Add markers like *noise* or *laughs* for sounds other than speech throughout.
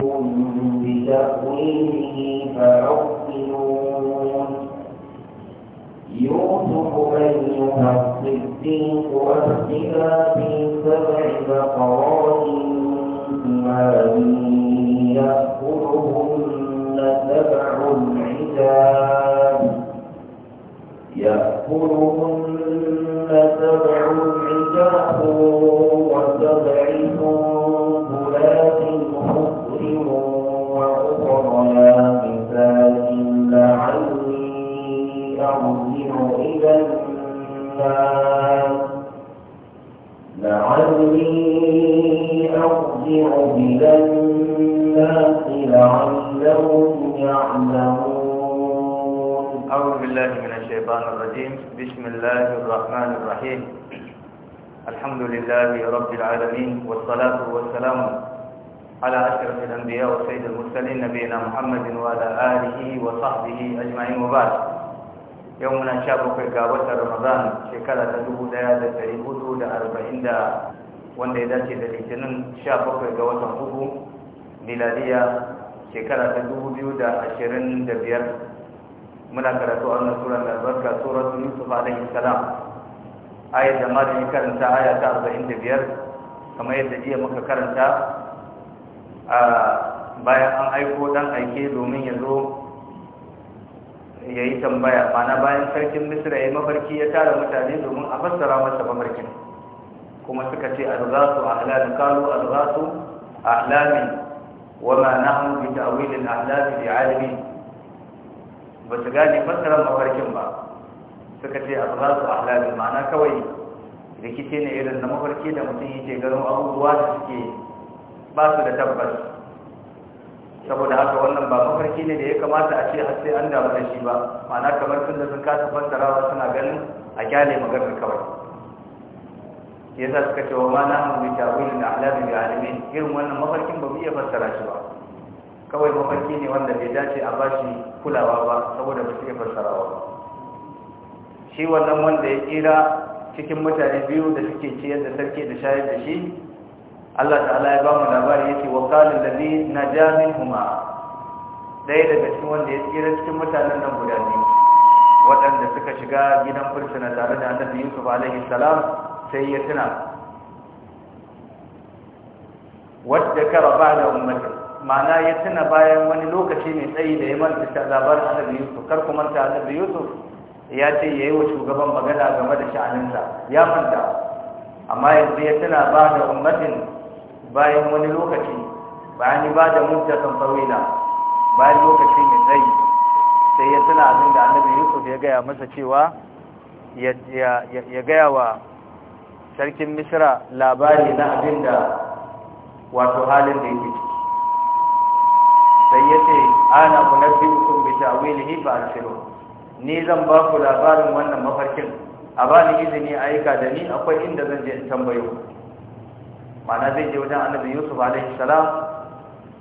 بتأويله فعقلون يوسف أيها الصديق أفتنا في سبع بقرات ثمان يأكلهن سبع عجاب يأكلهن سبع عجاب لعلي أرجع إلى الناس لعلهم يعلمون أعوذ بالله من الشيطان الرجيم بسم الله الرحمن الرحيم الحمد لله رب العالمين والصلاة والسلام على أشرف الأنبياء وسيد المرسلين نبينا محمد وعلى آله وصحبه أجمعين وبعد yau muna sha bakwai ga watan ramadan shekara ta dubu daya da dari hudu da arba'in da wanda ya dace da litinin sha bakwai ga watan hudu miladiya shekara ta dubu biyu da ashirin da biyar muna karatu a wannan sura mai albarka suratu yusuf alaihi salam ayat da ma da ya karanta aya ta arba'in da biyar kamar yadda jiya muka karanta bayan an aiko dan aike domin ya zo ya yi tambaya mana bayan sarkin misira ya mafarki ya tara mutane domin a fassara masa mafarkin kuma suka ce alzasu ahlamin kalu alzasu ahlamin wama nahnu bi ta'wil al-ahlami bi alimi ba su gane fassara mafarkin ba suka ce alzasu ahlamin ma'ana kawai rikice ne irin na mafarki da mutum yake ganin abubuwa da suke ba su da tabbas saboda haka wannan ba mafarki ne da ya kamata a ce har sai an damu da shi ba ma'ana kamar tun da sun kasa fassarawa suna ganin a kyale maganar kawai yasa suka ce wa ma na mu bi tawil da alamin da alimin irin wannan mafarkin ba mu iya fassara shi ba kawai mafarki ne wanda bai dace a bashi kulawa ba saboda ba su iya fassarawa ba shi wannan wanda ya kira cikin mutane biyu da suke ciyar da sarki da shayar da shi Allah ta'ala ya ba mu labari yake wa qala na naja huma dai daga cikin wanda ya tsira cikin mutanen nan guda biyu waɗanda suka shiga gidan fursuna tare da annabi Yusuf alaihi salam sai ya tuna wadda kara ba da ummati ma'ana ya tuna bayan wani lokaci mai tsayi da ya manta ta labarin annabi Yusuf kar ku manta annabi Yusuf ya ce yayi wa shugaban magana game da sha'aninsa ya manta amma yanzu ya tuna ba da ummatin bayan wani lokaci bayan ba da muddakan tawila bayan lokaci mai tsayi sai ya tuna abin da annabi yusuf ya gaya masa cewa ya gaya wa sarkin misra labari na abin da wato halin da yake sai ya ce ana unabbiukum bi ta'wilihi fa arsilu ni zan ba ku labarin wannan mafarkin a bani ni izini aika da ni akwai inda zan je in tambayo mana zai je wajen annabi yusuf alaihi salam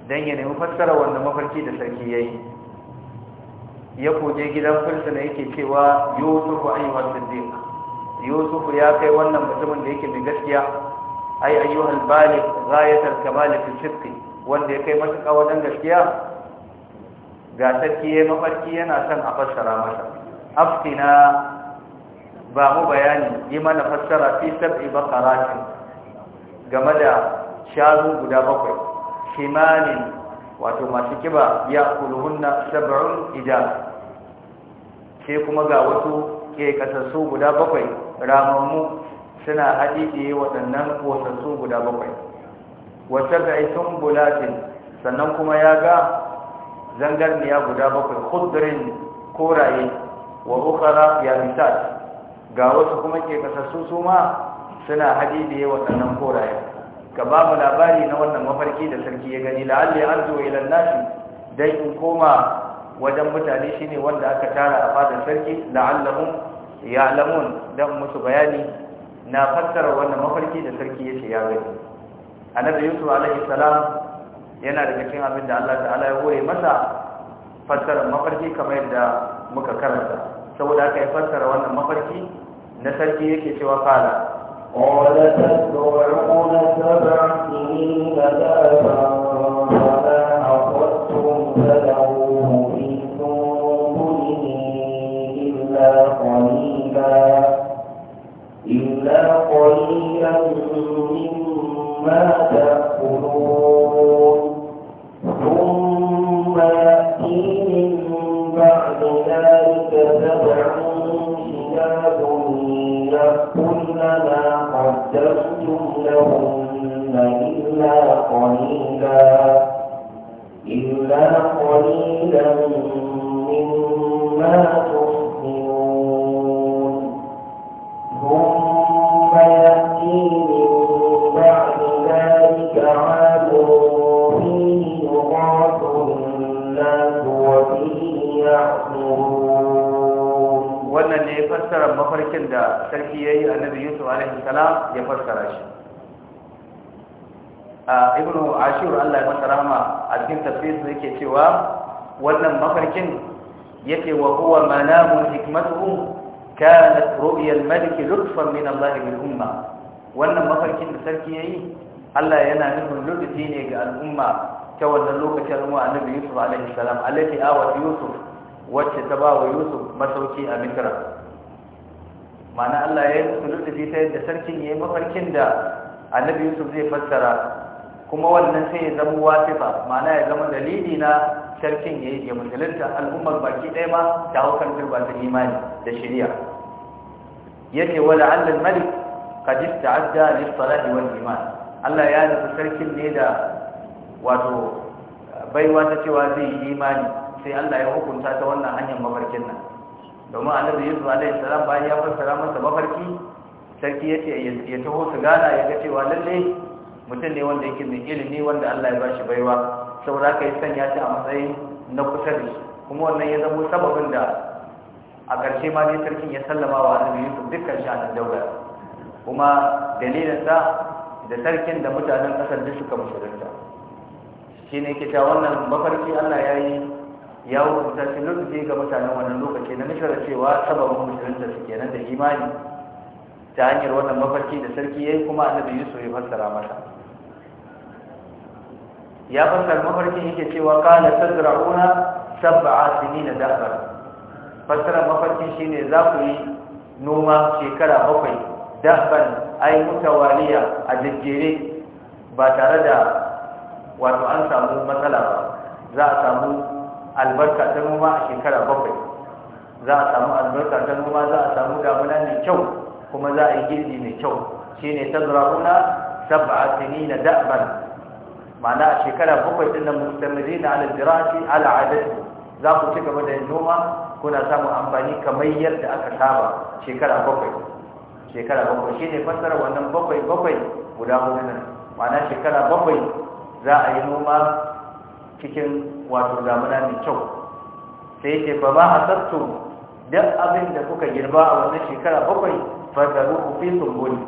dan ya nemi fassara wanda mafarki da sarki yayi ya koje gidan fursuna yake cewa yusuf ayyuhas siddiq yusuf ya kai wannan mutumin da yake mai gaskiya ai ayyuhal baligh ghayatul kamal fi sidqi wanda ya kai matuƙa wajen gaskiya ga sarki ya mafarki yana son a fassara masa Afkina, ba mu bayani yi mana fassara fi sab'i baqaratin game da shanu guda bakwai kimanin wato masu kiba ya kulhunna sab'un idan sai kuma ga wasu ke kasassu guda bakwai ramammu suna haɗiɗe waɗannan kosassu guda bakwai wata ga isun bulatin sannan kuma ya ga zangarniya guda bakwai hudurin koraye wa ukara ya misal ga wasu kuma ke kasassu su ma suna hadi hadiye waɗannan koraye ka ba labari na wannan mafarki da sarki ya gani la'alli arzu ila nashi dai in koma wajen mutane shine wanda aka tara a fadar sarki la'allahum ya'lamun dan musu bayani na fassara wannan mafarki da sarki yace ya gani annabi yusuf alaihi salam yana da cikin abin da Allah ta'ala ya hore masa fassara mafarki kamar yadda muka karanta saboda aka yi fassara wannan mafarki na sarki yake cewa fara قال تدعون سبع سنين دابا فما حصدتم فذروه في سنبله إلا قليلا إلا قليلا مما تأكلون ثم يأتي من بعد ذلك سبع شداد يأكلن ما عددتم لهن إلا قليلا إلا قليلا مما تؤمنون mafarkin da sarki ya yi annabi yusuf alaihi salam ya fassara shi a ibn ashur allah ya masa rahama a cikin tafsirin yake cewa wannan mafarkin yake wa huwa manamun hikmatuhu kanat ru'ya al-malik lutfan min Allah bil umma wannan mafarkin da sarki yayi Allah yana nufin lutfi ne ga al'umma ta wannan lokacin al'umma annabi Yusuf alaihi salam alati awa Yusuf wacce ta ba wa Yusuf masauki a Misra Ma'ana Allah ya yi musu lutsufi ta yadda sarkin ya yi mafarkin da annabi yusuf zai fassara kuma wannan sai ya zama wasifa mana ya zama dalili na sarkin ya yi ya musulunta al'ummar baki ɗaya ma ta hau kan turba ta imani da shirya Ya ce wa la'allar malik qad adda ne salati wani iman Allah ya nufi sarkin ne da wato baiwa ta cewa zai yi imani sai Allah ya hukunta ta wannan hanyar mafarkin nan domin annabi yusuf alaihi salam bayan ya fassara masa mafarki sarki ya ce ya taho su gana ya ga cewa lalle mutum ne wanda yake mai ilimi wanda Allah ya ba shi baiwa saboda ka yi sanya shi a matsayin na kusa da shi kuma wannan ya zamo sababin da a ƙarshe ma ne sarkin ya sallama wa annabi yusuf dukkan shi nan daular kuma dalilin sa da sarkin da mutanen ƙasar duk suka musulunta ke ta wannan mafarki Allah ya yi ya hukunta shi lokaci ga mutanen wannan lokaci na nishar cewa sababin musulunta su kenan da imani ta hanyar wannan mafarki da sarki ya yi kuma annabi yusuf ya fassara masa ya fassara mafarkin yake cewa kala una sab'a sinina dahra fassara mafarkin shine za ku yi noma shekara bakwai dahban ai mutawaliya a jejjere ba tare da wato an samu matsala ba za a samu albarka ta noma a shekara bakwai za a samu albarka ta noma za a samu damuna mai kyau kuma za a yi girbi mai kyau shine tazra'una sab'a na da'ban ma'ana a shekara bakwai din nan mustamirina na dirati ala za ku ci gaba da yin noma kuna samun amfani kamar yadda aka saba shekara bakwai shekara bakwai shine fassara wannan bakwai bakwai guda hudu nan ma'ana shekara bakwai za a yi noma cikin wato damuna mai kyau sai yake ba ba hasattu duk abin da kuka girba a wannan shekara bakwai fadaru ku fi sumbuli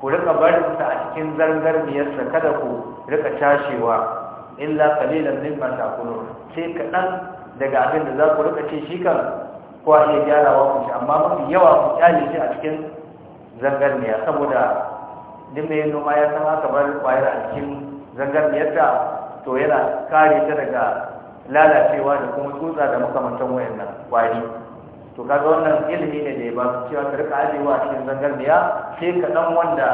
ku rika barin a cikin zangarniyarsa kada ku rika cashewa illa ba ta kuno sai kaɗan daga abin da za ku rika ce shi kan ko a iya gyarawa ku ci amma mafi yawa ku kyale shi a cikin zangarniya saboda duk mai noma ya san aka bar kwayar a cikin zangarniyar ta to yana kare ta daga lalacewa da kuma tsutsa da makamantan wayannan kwari to kaga wannan ilimi ne da ya ba su cewa ka rika ajewa a cikin zangarniya sai kaɗan wanda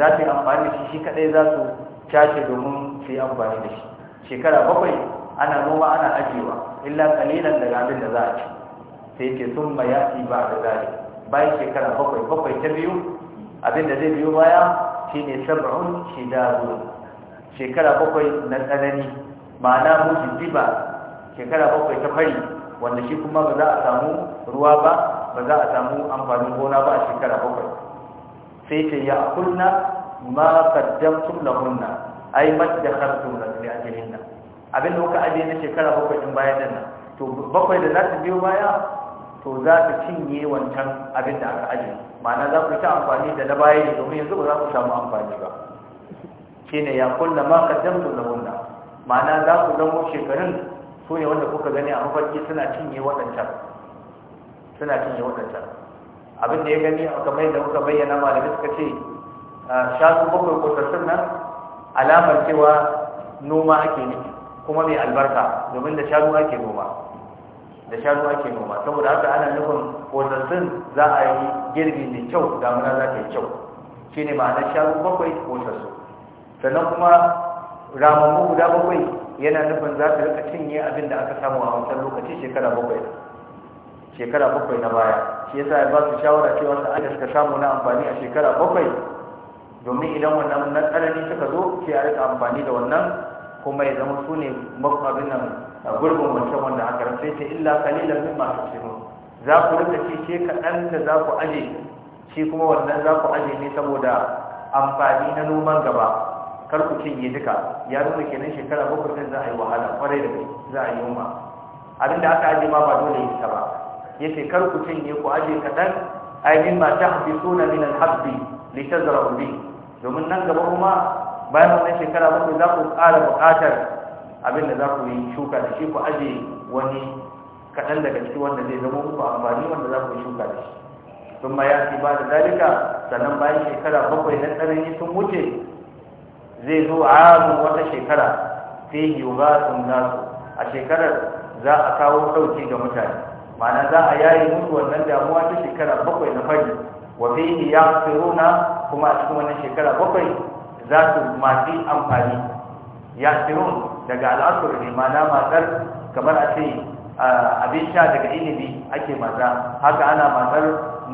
za su yi amfani da shi shi kaɗai za su cashe domin su yi amfani da shi shekara bakwai ana noma ana ajewa illa kalilan daga abin da za a ci sai ke sun ma ya ba da zari bayan shekara bakwai bakwai ta biyu abin da zai biyo baya shine sab'un shidazu shekara bakwai na tsanani ma'ana mutum ba shekara bakwai ta fari wanda shi kuma ba za a samu ruwa ba ba za a samu amfanin gona ba a shekara bakwai sai ce ya kunna ma da lahunna ai da a jirin ajlihinna abin da kuka ajiye na shekara bakwai din bayan nan to bakwai da za ta biyo baya to za ta cinye wancan abin da aka ajiye ma'ana za ku ta amfani da na baya domin yanzu ba za ku samu amfani ba shine ya kunna ma da lahunna ma'ana za ku zamo shekarun su ne wanda kuka gani a mafarki suna cinye waɗancan suna cinye waɗancan abin da ya gani a kamar yadda muka bayyana malamai suka ce shafi bakwai kusassun nan alamar cewa noma ake ne kuma mai albarka domin da shanu ake noma da shanu ake noma saboda haka ana nufin kusassun za a yi girbi mai kyau damuna za ta yi kyau ne ma'anar shanu bakwai kusassun sannan kuma ramamu guda bakwai yana nufin za su rika cinye abin da aka samu a wancan lokaci shekara bakwai shekara bakwai na baya shi yasa ya ba su shawara cewa su an da suka samu na amfani a shekara bakwai domin idan wannan na tsanani suka zo sai a rika amfani da wannan kuma ya zama su ne abin nan gurbin wancan wanda aka rafe ta illa kalilan min masu cimu za ku rika ci ce kaɗan da za ku aje shi kuma wannan za ku aje ne saboda amfani na noman gaba kar ku cinye duka ya nuna kenan shekara bakwai din za a yi wahala kwarai da za a yi yunwa abin da aka aje ma ba dole yi ta ba yace kar ku cinye ku aje kadan ayin ma suna min al-habbi litazrabu bi domin nan gaba kuma bayan wannan shekara bakwai za ku ƙara buƙatar abin da za ku yi shuka da shi ku aje wani kaɗan daga ciki wanda zai zama muku amfani wanda za ku yi shuka da shi sun ma ya ci ba da dalika sannan bayan shekara bakwai na tsarin sun wuce zai zo a yaro wata shekara yi fihi sun nasu a shekarar za a kawo sauki ga mutane ma'ana za a yayi musu wannan damuwa ta shekara bakwai na fari wa fi yaqtiruna kuma a cikin wannan shekara bakwai za su mafi amfani ya yaqtirun daga al'asr ne ma'ana matsar kamar a ce abin sha daga inibi ake maza haka ana matsar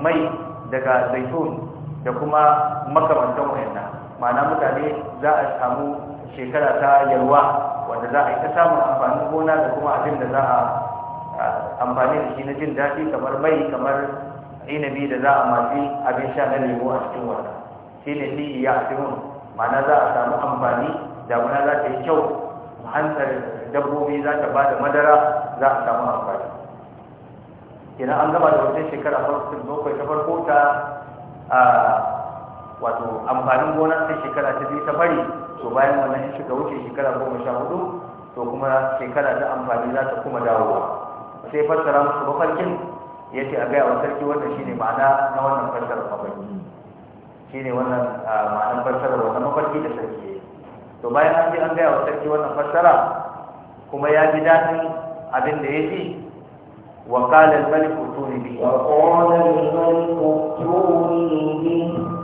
mai daga zaitun da kuma makamantan wayannan ma'ana mutane za a samu shekara ta yalwa wanda za a yi ta samun amfani gona da kuma abin da za a amfani da shi na jin daɗi kamar mai kamar inabi da za a mafi abin sha na lemo a cikin wata shi ne ni ya mun ma'ana za a samu amfani da damuna za ta yi kyau hantar dabbobi za ta ba da madara za a samu amfani kenan an gaba da wata shekara farko ta farko ta wato amfanin gona sai shekara ta biyu ta bari to bayan wannan shi shiga wuce shekara goma sha hudu to kuma shekara ta amfani za ta kuma dawowa sai fassara musu mafarkin ya ce a gaya wa sarki wannan shine ma'ana na wannan fassarar mafarki shine wannan ma'anar fassarar wannan mafarki da sarki to bayan an ce an gaya wa sarki wannan fassara kuma ya ji daɗin abin da ya ji وقال الملك ائتوني به وقال الملك ائتوني به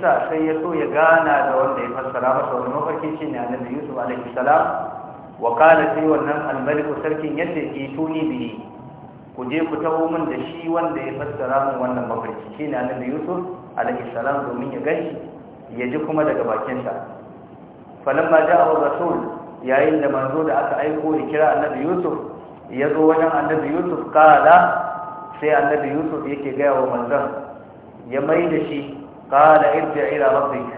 sa sai ya so ya gana da wanda ya fassara masa wani mafarki shi ne annabi yusuf alaihi salam wa kala sai wannan almaliku sarkin yadda ke tuni bihi ku je ku taho min da shi wanda ya fassara min wannan mafarki shi ne annabi yusuf alaihi salam domin ya gani ya ji kuma daga bakinsa falamma ja'a rasul yayin da manzo da aka aiko ya kira annabi yusuf ya zo wajen annabi yusuf kala sai annabi yusuf yake gaya wa manzon ya mai da shi qala irji ila rabbik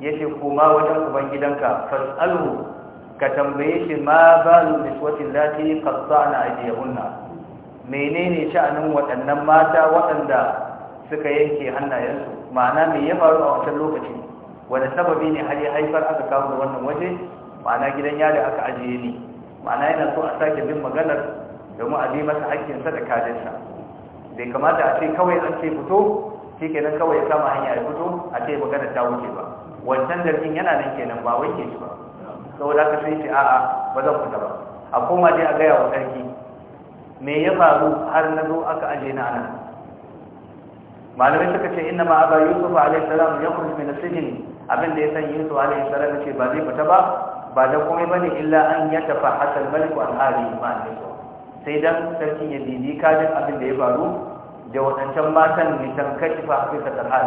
yace kuma wajen ubangidanka fasalhu ka tambaye shi ma balu niswatin lati menene sha'anin waɗannan mata waɗanda suka yanke hannayensu ma'ana me ya faru a wancan lokaci wanda sababi ne har ya haifar aka kawo wannan waje ma'ana gidan yari aka ajiye ni ma'ana yana so a sake bin maganar domin a bi masa hakkinsa da kadinsa bai kamata a ce kawai an ce fito shi kenan kawai ya kama hanya ya fito a ce magana ta wuce ba wancan zargin yana nan kenan ba ke shi ba saboda haka sai shi a'a ba zan fita ba a koma dai a gaya wa sarki me ya faru har na zo aka aje na nan malamai suka ce inna ma aba yusuf alayhi salam ya kurji min sijin abin da ya san yusuf alayhi salam ce ba zai fita ba ba da komai bane illa an ya tafa hasal malik wa al-ali ma sai dan sarki ya bibi kajin abin da ya faru da waɗancan matan nisan kashifa a fi sakarhal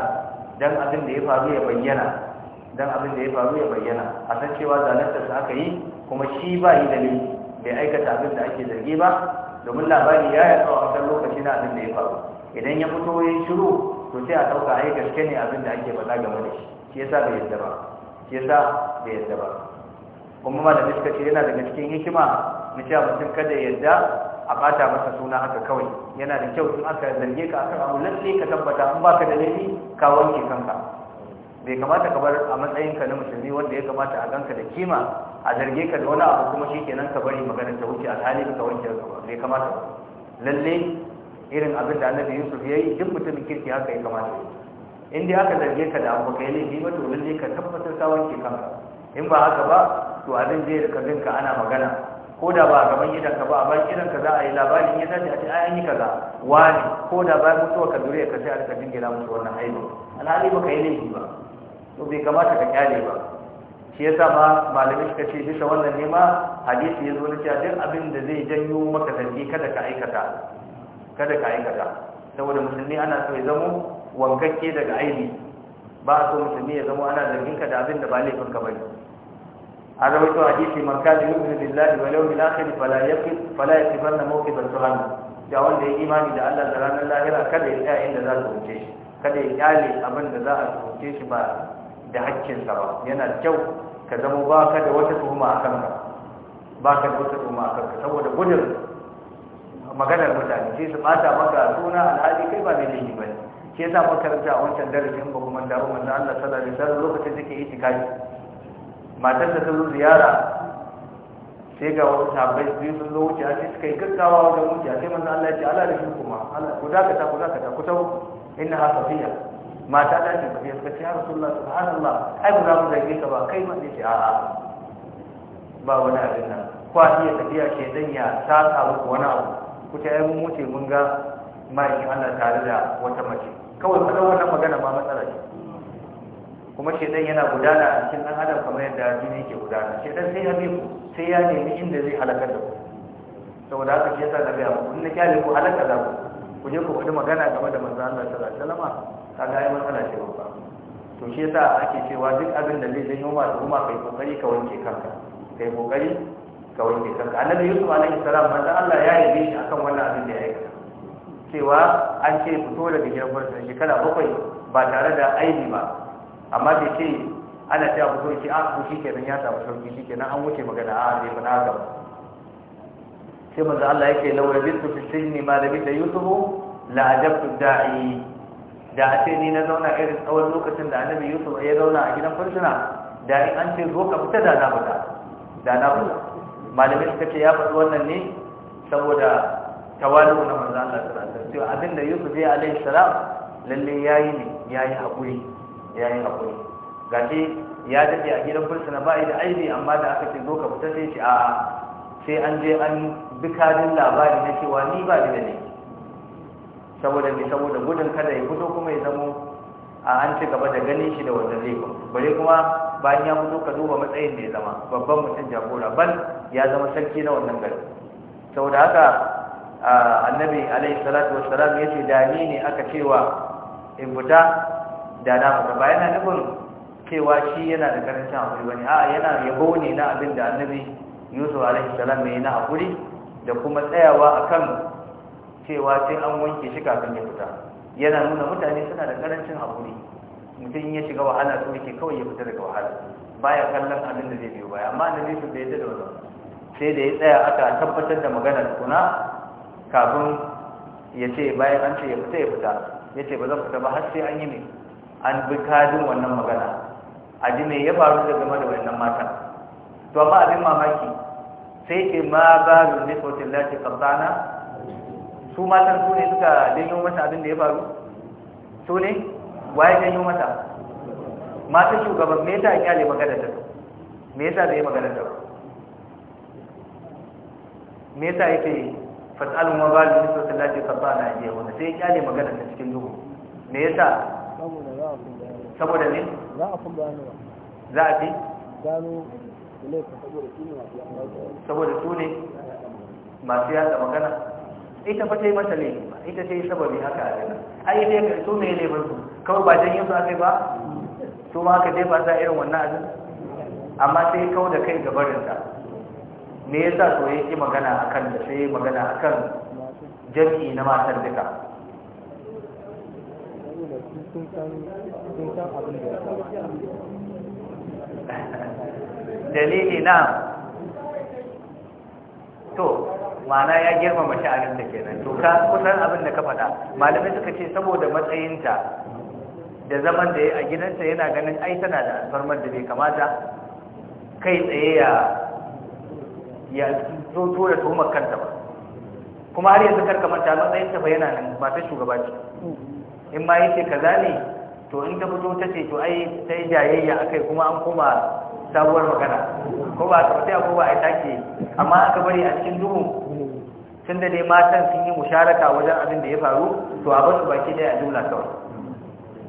don abin da ya faru ya bayyana don abin da ya faru ya bayyana a san cewa su aka yi kuma shi ba yi da ne bai aikata abin da ake zargi ba domin labari ya yi tsawon a lokaci na abin da ya faru idan ya fito ya shiru to sai a ɗauka a yi gaske ne abin da ake faɗa game da shi shi yasa bai yadda ba shi yasa bai yadda ba kuma ma da miskaci yana daga cikin hikima na cewa mutum kada ya yadda a bata masa suna haka kawai yana da kyau in aka zarge ka akan abu lalle ka tabbata in baka da laifi ka wanke kanka bai kamata ka bar a matsayin ka na musulmi wanda ya kamata a ganka da kima a zarge ka da wani abu kuma shikenan ka bari magana ta wuce alhali ka wanke kanka bai kamata lalle irin abin da Annabi Yusuf yayi duk mutumin kirki haka ya kamata in dai aka zarge ka da abu kai laifi ba to lalle ka tabbatar ka wanke kanka in ba haka ba to abin zai rika ka ana magana ko da ba a gaban gidanka ka ba a bayan ka za a yi labarin ya dace a ce ai an yi kaza wani ko da bayan mutuwa ka dure ka sai a rika dingila musu wannan aibu alhali ba ka yi laifi ba to bai kamata ka kyale ba shi yasa ma malamai suka ce bisa wannan nema hadisi ya zo na cewa duk abin da zai janyo maka zargi kada ka aikata kada ka aikata saboda musulmi ana so ya zamo wankakke daga aini ba a so musulmi ya zamo ana zargin ka da abin da ba laifin ka bane هذا هو حديث من كان يؤمن بالله واليوم الاخر فلا يقف فلا يقفن موقف الجهنم ya wanda ya imani da Allah da ranar lahira kada ya tsaya inda za su wuce shi kada ya da za a shi ba da haƙƙinsa ba yana kyau ka zama ba ka da wata tuhuma a kanka ba ka da wata tuhuma a kanka saboda gudun maganar mutane sai su bata maka suna alhali kai ba mai ba ne ke sa makaranta a wancan darasin ba kuma da manzo Allah sallallahu alaihi wasallam lokacin da ke itikafi matar da ta zo ziyara sai ga wasu sahabbai biyu sun zo wuce sai suka yi gaggawa wajen wuce sai manzo Allah ya ce Allah da shi kuma ku dakata ku dakata ku ta'u inna ha safiya mata ta ce safiya suka ce ya rasulullah subhanallah ai ba za mu zage ka ba kai ma ce a'a ba wani abin nan a iya tafiya ke zan ya saka muku wani abu ku ta yi mun wuce mun ga ma'aikin Allah tare da wata mace kawai faɗa wannan magana ma matsala ce kuma shedan yana gudana a cikin dan adam kamar yadda jini yake gudana shedan sai ya ku sai ya nemi inda zai halakar da ku saboda haka shi yasa na gaya ku na kyale ku halaka za ku ku je ku faɗi magana game da manzo Allah sallallahu alaihi wasallam ga ai matsala ce babba to shi yasa ake cewa duk abin da zai janyo ma al'umma kai kokari ka wanke kanka kai kokari ka wanke kanka annabi Yusuf alaihi salam manzo Allah ya yi shi akan wannan abin da ya aikata cewa an ce fito daga gidan farsa shekara bakwai ba tare da aibi ba amma da ke ana ce abu kawai ce a ku shi kenan ya samu sauki shi kenan an wuce magana a ah, bai faɗa haka sai manzo Allah yake law rabitu fi sinni ma labita yusufu la ajabtu da'i da a ce ni na zauna irin tsawon lokacin da annabi yusuf ya zauna a gidan farsuna, da in an ce zo ka fita da na fita da na fita malamin suka ce ya faɗi wannan ne saboda tawali na manzo Allah sallallahu alaihi wasallam abinda yusuf ya alaihi salam lalle yayi ne yayi hakuri ya yi haƙuri shi ya daɗe a gidan fursuna ba da aibi amma da aka ce zo ka fita sai a sai an je an bi kadin labari na cewa ni ba ni da ne saboda ni saboda gudun kada ya fito kuma ya zamo a an ci gaba da ganin shi da wannan laifin bare kuma bayan ya fito ka duba matsayin da ya zama babban mutum jagora ban ya zama sarki na wannan gari saboda haka annabi alaihi salatu wassalam ya ce da ni ne aka cewa in fita da na maka ba yana nufin cewa shi yana da karancin hakuri bane a yana yabo ne na abin da annabi yusuf alaihi salam mai na hakuri da kuma tsayawa akan cewa sai an wanke shi kafin ya fita yana nuna mutane suna da karancin hakuri mutum ya shiga wahala to yake kawai ya fita daga wahala baya kallon abin da zai biyo baya amma annabi yusuf bai da wannan sai da ya tsaya aka tabbatar da maganar kuna kafin ya ce bayan an ce ya fita ya fita ya ce ba zan fita ba har sai an yi mai an bi kadin wannan magana a ji me ya faru da game da wannan matan to amma abin mamaki sai ke ma ba da nisbatin lati kasana su matan su ne suka janyo mata abin da ya faru su ne waye ganyo mata matan shugaban me yasa a kyale magana da su me yasa ya magana da su me ya yake fasalin wa ba da nisbatin lati kasana a yi wanda sai ya kyale magana da cikin duhu me yasa saboda ne za a kun gano za a fi gano saboda su ne masu yada magana ita fa ta yi mata ne ita ta yi sababi haka a jana ai ita ya karso mai laifin su kawai ba jan yin su aka ba su ma aka jefa za irin wannan abin amma sai kawo da kai gabarinta me ya so ya ki magana a kan da sai magana a kan jami'i na matar duka san *laughs* dalili na to mana ya girmama sha'aninta kenan to ka kusan abin da ka faɗa malamai suka ce saboda matsayinta da zaman da ya a gidanta yana ganin ai tana da alfarmar da bai kamata kai tsaye ya ya zo tura tuhumar kanta ba kuma har yanzu karka manta matsayinta ba yana nan ba ta shugaba mm. in ma yake kaza ne to in ta fito ta ce to ai sai jayayya akai kuma an koma sabuwar magana ko ba ta fita ko ba ai take amma aka bari a cikin duhu tun da dai matan sun yi musharaka wajen abin da ya faru to a basu baki daya a jumla kawai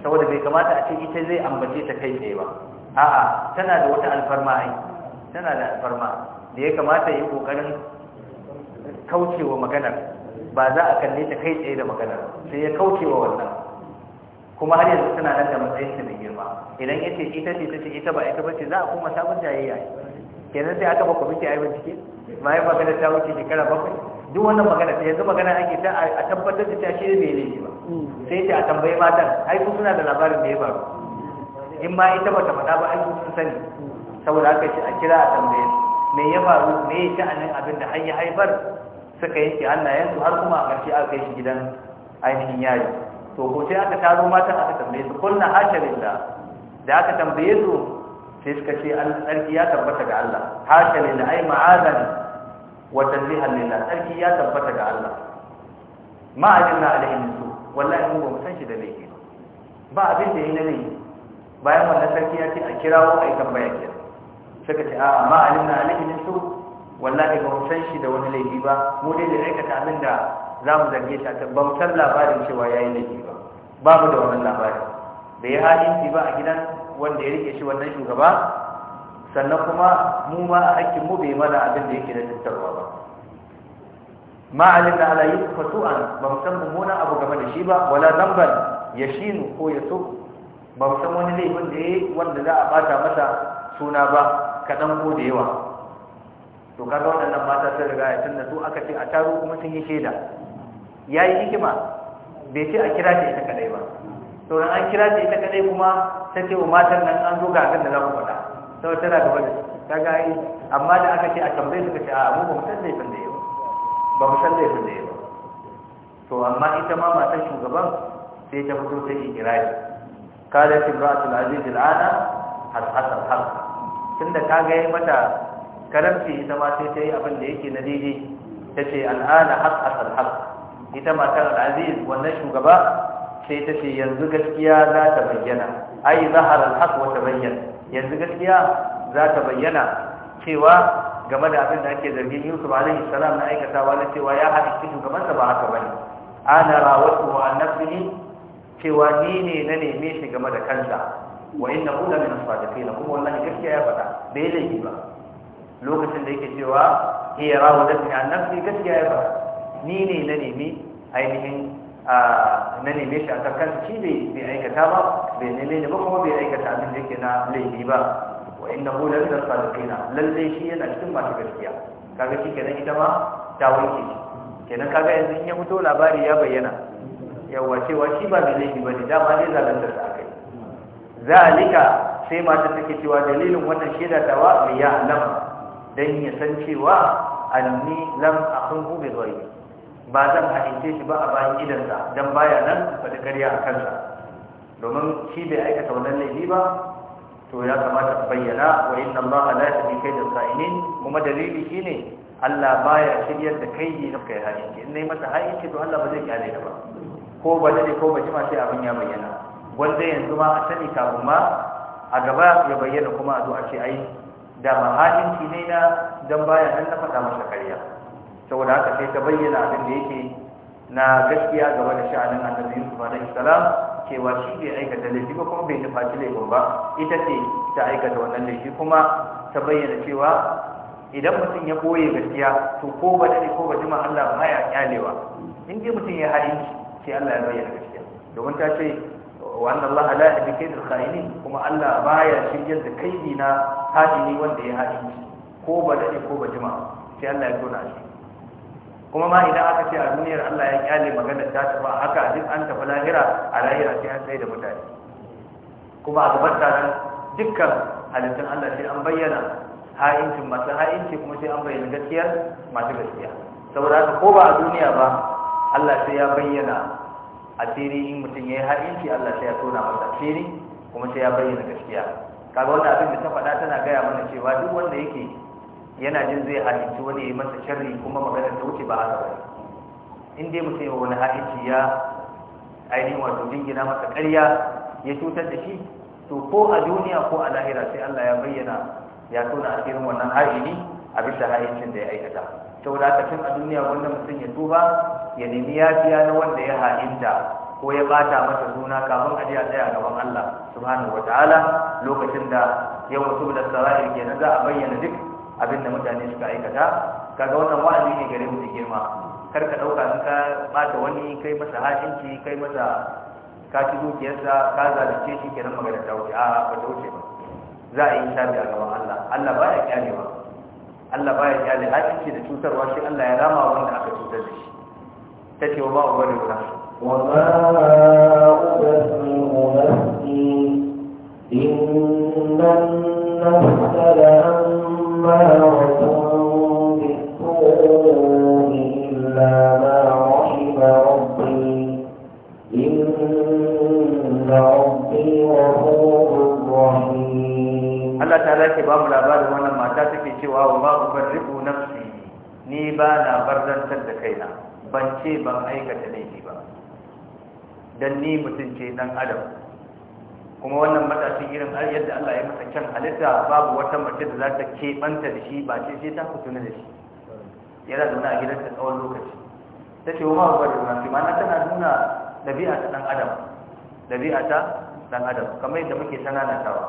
saboda bai kamata a ce ita zai ambace ta kai tsaye ba a'a tana da wata alfarma ai tana da alfarma da ya kamata yi kokarin kaucewa maganar ba za a kalle ta kai tsaye da maganar sai ya kaucewa wannan kuma har yanzu tana nan da matsayin ta mai girma idan ce ita ce ce ita ba ita bace za a koma sabon jayayya kenan sai aka ba kwamiti a yi bincike ma yi magana ta wuce shekara bakwai duk wannan magana ta yanzu magana ake ta a tabbatar da ta shi ne bai laifi ba sai ta a tambayi matan ai ku suna da labarin da ya faru in ma ita bata faɗa ba ai ku sun sani saboda haka a kira a tambaye me ya faru me ya anan abin da har ya haifar suka yanke yanzu har kuma a ƙarshe aka kai shi gidan ainihin yayi to ko sai aka taro matan aka tambaye su kunna hashirin da da aka tambaye su sai suka ce an tsarki ya tabbata ga Allah hashirin da ai ma'azan wa tanzihan lillah tsarki ya tabbata ga Allah ma ajinna alaihi su wallahi mu ba mu san shi da laifi ba abin da yake ne bayan wannan sarki ya ce a kirawo a yi tambaya ke suka ce a'a ma na alaihi su wallahi ba mu san shi da wani laifi ba mu dai da aikata abin da za mu zarge shi can ba mu san labarin cewa ya yi laifi ba babu da wannan labarin da ya halinci ba a gidan wanda ya rike shi wannan shugaba sannan kuma mu ma a hakkin mu bai mana abin da yake da tattarwa ba ma alin da ala yusufa an ba mu san mummunan abu game da shi ba wala lambar ya shinu ko ya so ba mu san wani laifin da ya wanda za a bata masa suna ba kaɗan ko da yawa to kaga waɗannan mata sun riga ya tunda su aka ce a taro kuma sun yi shaida ya yi hikima bai ce a kira ta ita kadai ba to an kira ta ita kadai kuma ta ce wa matan nan an zo ga da za ku faɗa sau tana gaba da ta gayi yi amma da aka ce a tambayi suka ce a abu ba mu san laifin da yau ba mu san laifin da yau to amma ita ma matan shugaban sai ta fito ta yi kirari kada timratul aziz al'ana har hasar har tunda ka gaya mata karamci ita ma sai ta yi abin da yake na daidai ta ce al'ana har asar har ita matar aziz wannan shugaba sai ta ce yanzu gaskiya za ta bayyana ai zahara alhaq wa bayyana yanzu gaskiya za ta bayyana cewa game da abin da ake zargin Yusuf alaihi salam na aikatawa na cewa ya haɗa cikin shugabansa ba haka bane ana rawatu wa annabi cewa ni ne na neme shi game da kansa wa inna qula min as-sadiqin kuma wallahi gaskiya ya faɗa bai laifi ba lokacin da yake cewa hiya rawadatni an nafsi gaskiya ya faɗa ni ne na nemi ainihin na neme shi a kankan shi bai aikata ba bai neme ne ba kuma bai aikata abin da yake na laifi ba wa inna hu lan tasadiqina lalle shi yana cikin masu gaskiya kaga shi kenan ita ma ta wanke shi kenan kaga yanzu in ya fito labari ya bayyana yawa cewa shi ba mai laifi bane dama dai zalunta ta akai zalika sai mata take cewa dalilin wannan shaida tawa mai ya alama dan ya san cewa anni lam akunhu bi ghayri ba zan haɗince shi ba a bayan gidansa don baya nan faɗi karya a kansa domin shi bai aikata wannan laifi ba to ya kamata a bayyana wa a Allah la kai da sa'ini kuma dalili ne? Allah baya shiryar da kai ne kai haɗince in nayi masa haɗince to Allah ba zai kyale ka ba ko ba dade ko ba jima sai abin ya bayyana wanda yanzu ma a sani kafin ma a gaba ya bayyana kuma a zo a ce ai da ma haƙinci ne na don baya nan na faɗa masa karya saboda haka sai ta bayyana abin da yake na gaskiya game da sha'anin annabi Yusuf alaihi salam cewa shi bai aikata laifi ba kuma bai faci laifin ba ita ce ta aikata wannan laifi kuma ta bayyana cewa idan mutum ya boye gaskiya to ko ba da ko ba jima Allah ba ya kyalewa in dai mutum ya hari sai Allah ya bayyana gaskiya domin ta ce wa anna Allah la yahdi al-khayni kuma Allah baya shiryar da kaidi na ni wanda ya hari ko ba da ko ba jima sai Allah ya tona shi kuma ma idan aka ce a duniyar Allah ya kyale magana ta tafi haka duk an tafi lahira a lahira sai an sai da mutane kuma a gaban taron dukkan halittun Allah sai an bayyana ha'incin masu ha'inci kuma sai an bayyana gaskiyar masu gaskiya saboda haka ko ba a duniya ba Allah sai ya bayyana a asiri in mutum ya yi ha'inci Allah sai ya tona masa asiri kuma sai ya bayyana gaskiya kaga wannan abin da ta faɗa tana gaya mana cewa duk wanda yake yana jin zai halitta wani ya masa sharri kuma magana ta wuce ba haka in dai mutum ya wani halitta ya ainihin wato jingina masa ƙarya ya cutar da shi to ko a duniya ko a lahira sai Allah ya bayyana ya tona a cikin wannan halini a bisa ha'incin da ya aikata da aka cin a duniya wanda mutum ya tuba ya nemi yafiya na wanda ya ha'inta ko ya bata masa suna kafin a jiya tsaya gaban Allah subhanahu wa ta'ala lokacin da yawan tubda sara'ir kenan za a bayyana duk abinda mutane suka aikata kaga wannan wa'azi ne gare mu da girma kar ka dauka in ka bata wani kai masa hajinci kai masa ka ci dukiyarsa ka zalunce shi kenan magana ta wuce a ba ta wuce ba za a yi shafi a gaban Allah Allah baya kyalewa Allah baya kyale hajinci da cutarwa shi Allah ya rama wanda aka cutar da shi Ta ce wa ba ubari wa وما أبرئ نفسي إن النفس لأمر أمارة بالسوء إلا ba mu labarin wannan mata take cewa wa ma ufarriqu nafsi ni ba na barzantar da kaina ban ce ban aikata laifi ba dan ni mutum ce dan adam kuma wannan matashin irin har yadda Allah ya masa kyan halitta babu wata mace da za ta keɓanta da shi ba ce sai ta fito da shi yana zama a gidanta tsawon lokaci ta ce wa ma ba da zuwa mana tana nuna ɗabi'a ta ɗan adam ɗabi'a ta ɗan adam kamar yadda muke sananatawa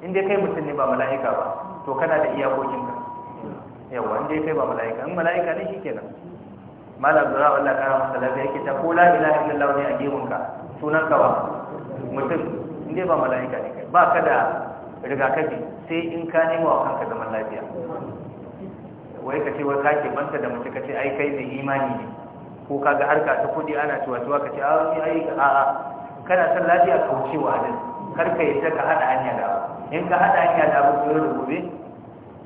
in dai kai mutum ne ba mala'ika ba to kana da iyakokinka yawa in dai kai ba mala'ika in mala'ika ne shi kenan malam zura wallah kara masa lafiya yake ta ko la ilaha illallah ne a gemunka sunan ka ba mutum in dai ba mala'ika ne kai ba ka da rigakafi sai in ka nema wa kanka zaman lafiya wai ka ce wai ka ke banta da mace ka ce ai kai mai imani ne ko ka ga harka ta kudi ana cewa cewa ka ce a ah, wani ai a'a ka kana son lafiya ka wuce wa adin kar ka yadda ka hada hanya da abu in ka hada hanya da abu yau da gobe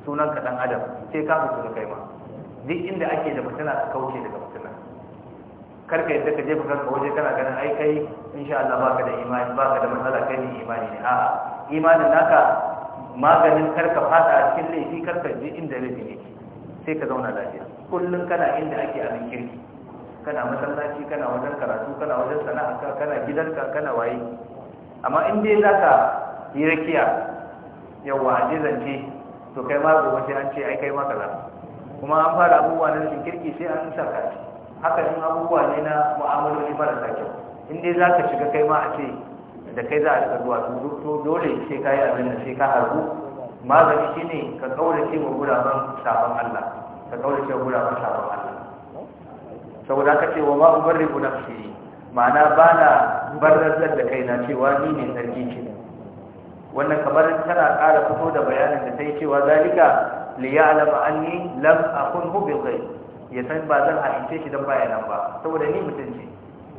sunan ka dan adam sai ka fito da kai ma duk inda ake da mutuna ka kauce daga mutuna karka yadda ka jefa kanka waje kana ganin ai kai insha Allah baka da imani baka da matsala kai ne imani ne a'a imanin naka maganin karka fada a cikin laifi karka je inda laifi ne sai ka zauna lafiya kullun kana inda ake abin kirki kana masallaci kana wajen karatu kana wajen sana'a kana gidanka kana waye amma in dai zaka yi rakiya yawa a zance to kai ma gobe sai an ce ai kai ma kaza kuma an fara abubuwa na cikin kirki sai an saka shi haka shi abubuwa ne na mu'amaloli marasa kyau in dai za ka shiga kai ma a ce da kai za a shiga zuwa to dole sai ka yi abin da sai ka harbu magani shi ne ka ce wa guraben sabon Allah ka ce wa guraben sabon Allah saboda ka ce wa ma ubarribu nafsi ma'ana ba na barrazzar da kai na cewa ni ne sarki ce wannan kamar tana ƙara fito da bayanin da ta yi cewa zalika liya'lama anni lam akun hu bil ghaib ya san ba zan halince shi don baya nan ba saboda ni mutum ce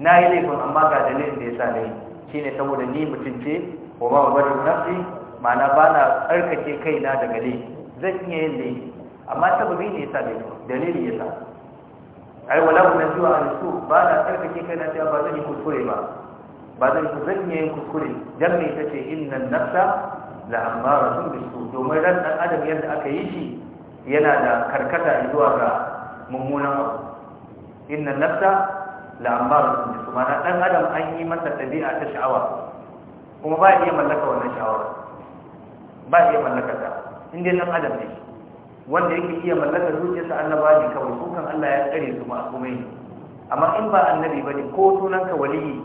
na yi laifin amma ga dalilin da ya sa ni shi ne saboda ni mutum ce wa ma bari nafsi ma'ana ba na tsarkake kaina daga ne zan iya yin laifi amma sababi ne ya sa laifi dalilin ya sa ai wala mun ji wa alisu ba na tsarkake kaina cewa ba zan yi kuskure ba ba zan ku zan iya yin kuskure dan me tace innan nafsa la amaratun bisu domin ran dan adam yadda aka yi shi yana da karkata zuwa ga mummunan abu inna nafsa la'ammaratun bisu mana dan adam an yi masa ɗabi'a ta sha'awa kuma ba iya mallaka wannan sha'awar. ba iya mallaka ta inda dan adam ne wanda yake iya mallaka zuciyarsa annaba ne kawai su Allah ya tsare su ma kuma yi amma in ba annabi ba ne ko sunanka waliyi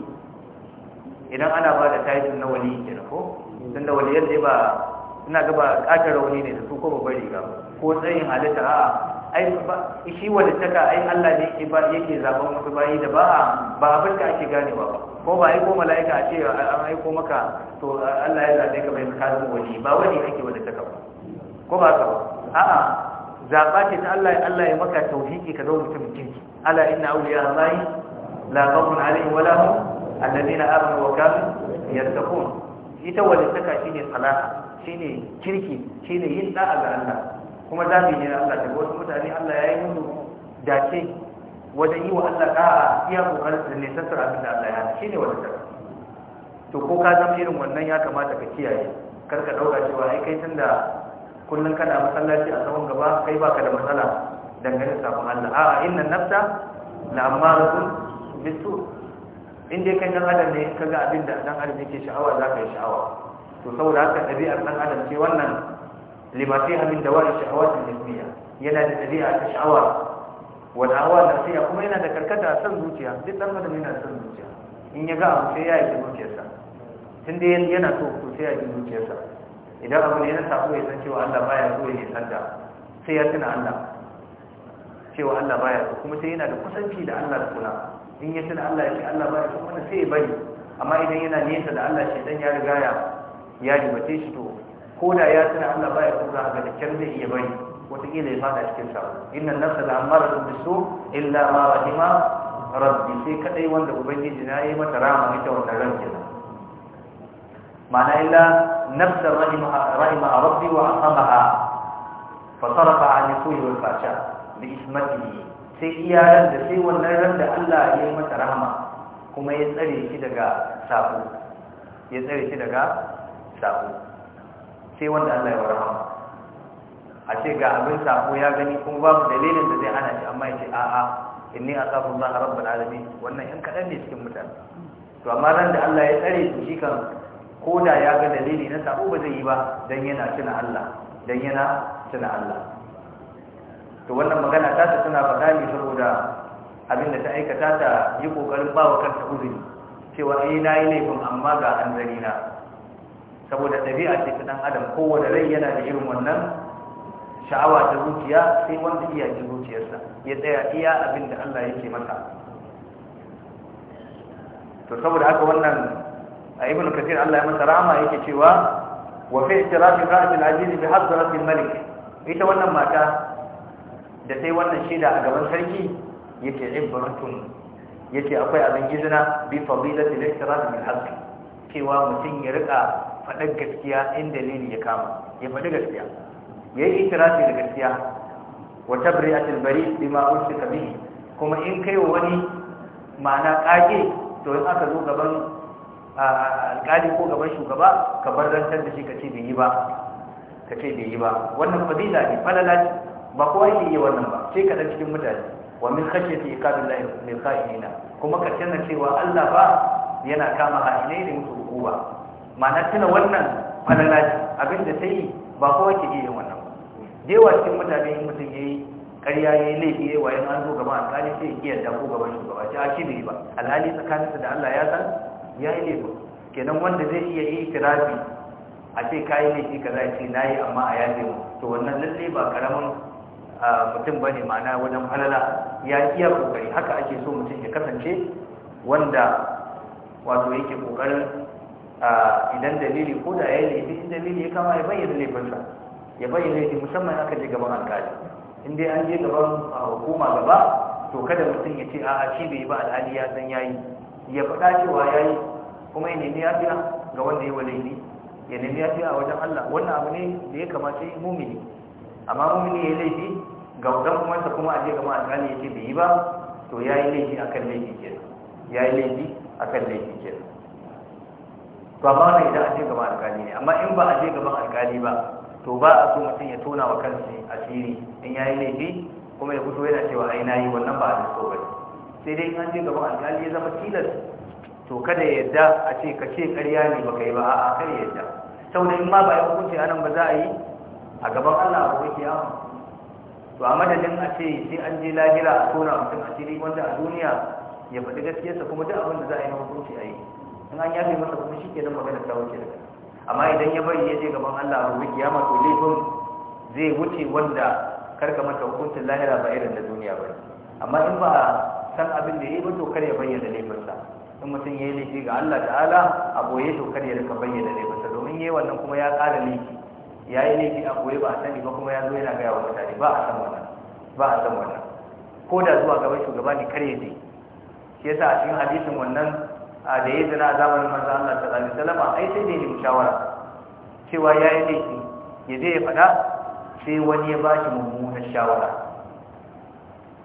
idan ana ba da taitin na waliyi ke ko da waliyar dai ba suna gaba ba ƙatar rauni ne da su ko babbar riga ko tsayin halitta a'a ai shi wanda taka ai Allah ne yake ba yake zaben wasu bayi da ba ba abin da ake ganewa ba ko ba ai ko mala'ika a ce an aiko maka to Allah ya zabe ka bai ka zama wani ba wani ake wanda taka ba ko ba ka ba a'a zaba ce ta Allah Allah ya maka tauhidi ka zama mutum kinki ala inna awliya Allah la khawfun alaihim wala hum alladhina amanu wa kanu yattaqun ita wanda taka shine salaha shine kirki shine yin da'a ga Allah kuma zabi ne na Allah daga wasu mutane Allah ya yi musu dace wajen yi wa Allah da'a iya kokarin da ne sassar abin da Allah ya hana ne wani daga to ko ka zama irin wannan ya kamata ka kiyaye kar ka dauka cewa ai kai tun da kullun kana masallaci a saman gaba kai baka da matsala dangane da sabon Allah a'a inna nafsa la amaratun bisu in dai kan adam ne kaga abin dan adam yake sha'awa zaka yi sha'awa to saboda haka dabi'ar dan adam ce wannan lima fiha min dawa'i shahawat al-jismiyya yana da tabi'a ta sha'awa wal hawa nafsiya kuma yana da karkata san zuciya duk dan adam yana san zuciya in ya ga abu sai ya yi zuciyarsa tun da yana so to sai ya yi zuciyarsa idan abu ne yana sako ya san cewa Allah baya so ya san da sai ya tuna Allah cewa Allah baya so kuma sai yana da kusanci da Allah da kula in ya tuna Allah ya ce Allah baya so kuma sai ya bari amma idan yana nesa da Allah shi dan ya riga ya ya ribace shi to ko da ya tana Allah ba ya kuka ga da kyan zai iya bari wataƙila ya fada cikin sa inna nafsa da amara da bisu illa ma rahima rabbi sai kadai wanda ubangiji na yi mata rama ita wanda ran kenan ma'ana illa nafsa rahima a rabbi wa fasara fa sarafa an yusuhi wal fasha bi ismati sai ran da sai wannan ran da Allah ya yi mata rahama kuma ya tsare shi daga sabo ya tsare shi daga sabo sai wanda Allah ya warhama a ce ga abin sako ya gani kuma babu dalilin da zai hana shi amma yace a'a inni asafu Allah rabbul alamin wannan in kadan ne cikin mutane to amma ran da Allah ya tsare shi kan koda ya ga dalili na sako ba zai yi ba dan yana tuna Allah dan yana tuna Allah to wannan magana ta ta tana faɗa ne saboda abin da ta aikata ta yi kokarin ba wa kanta uzuri cewa eh nayi laifin amma ga zari na saboda ɗabi'a ce ta ɗan adam kowane rai yana da irin wannan sha'awa ta zuciya sai wanda iya ji zuciyarsa ya tsaya iya abin da Allah yake mata to saboda haka wannan a ibn kathir Allah ya masa rahama yake cewa wa fi ihtirafi ra'atil aziz bi hadratil malik ita wannan mata da sai wannan shaida a gaban sarki yake Ya yake akwai abin gizina, bi da istirafi bil haqq cewa mutum ya rika faɗar gaskiya in dalili ya kama ya faɗi gaskiya ya yi itirafi da gaskiya a tabri'atul bari wuce ka bihi kuma in kai wa wani ma'ana ƙage to in aka zo gaban alƙali ko gaban shugaba ka bar rantar da shi ka ce bai yi ba ka ce bai yi ba wannan fadila ne falala ba kowa yake yi wannan ba sai kaɗan cikin mutane wa min khashyati iqabillahi lil khashiina kuma ka tana cewa Allah ba yana kama hakinai da musu ba. ma'ana tuna wannan falala abin da ta yi ba kowa ke iya wannan da yawa cikin mutane in mutum ya yi ƙarya ya yi laifi ya wayan an zo gaba alƙali sai ya yarda ko gaban shugaba ta a bai ba alhali tsakaninsa da Allah ya san ya yi laifin kenan wanda zai iya yi tirafi a ce ka yi laifi ka zai ce na yi amma a yaje mu to wannan lalle ba karamin mutum bane ne ma'ana wajen falala ya iya kokari haka ake so mutum ya kasance wanda wato yake kokarin idan dalili ko da ya yi laifi in dalili ya kama ya bayyana laifinsa ya bayyana laifi musamman aka je gaban alkali in dai an je gaban hukuma gaba to kada mutum ya ce a'a shi bai ba alhali ya san yayi ya faɗa cewa yayi kuma ya nemi yafiya ga wanda ya laifi ya nemi yafiya a wajen Allah wannan abu ne da ya yi mumini amma mumini ya yi laifi ga wajen wanda kuma a je gaban alkali ya ce bai yi ba to yi laifi akan laifi kenan yi laifi akan laifi kenan to amma wannan idan a je gaban alkali ne amma in ba a je gaban alkali ba to ba a so mutum ya tona wa kansa asiri in yayi laifi kuma ya fito yana cewa ai nayi wannan ba a so ba sai dai in an je gaban alkali ya zama tilas to kada ya yadda a ce ka ce ƙarya ne baka yi ba a'a kada ya yadda saboda in ma ba ya hukunci anan ba za a yi a gaban Allah a gobe kiyama to a madadin a ce sai an je lahira a tona mutum asiri wanda a duniya ya faɗi gaskiyarsa kuma duk abin da za a yi na hukunci a yi in an yafe masa kuma shi ke nan magana ta wuce daga amma idan ya bari ya je gaban Allah a rubuci ya mato laifin zai wuce wanda karka mata hukuncin lahira ba irin da duniya ba amma in ba san abin da ya yi ba to kar ya bayyana sa in mutum ya yi laifi ga Allah ta'ala a boye to kar ya rika bayyana sa domin yayi wannan kuma ya ƙara laifi ya yi laifi a boye ba a sani ba kuma ya zo yana gaya wa mutane ba a san wannan ba a san wannan ko da zuwa gaban shugaba ne kar ya je shi yasa a cikin hadisin wannan A da ya zina a zamanin manzo Allah sallallahu alaihi wasallam ai sai dai ne shawara cewa ya yi laifi ya je ya fada sai wani ya ba shi mummunan shawara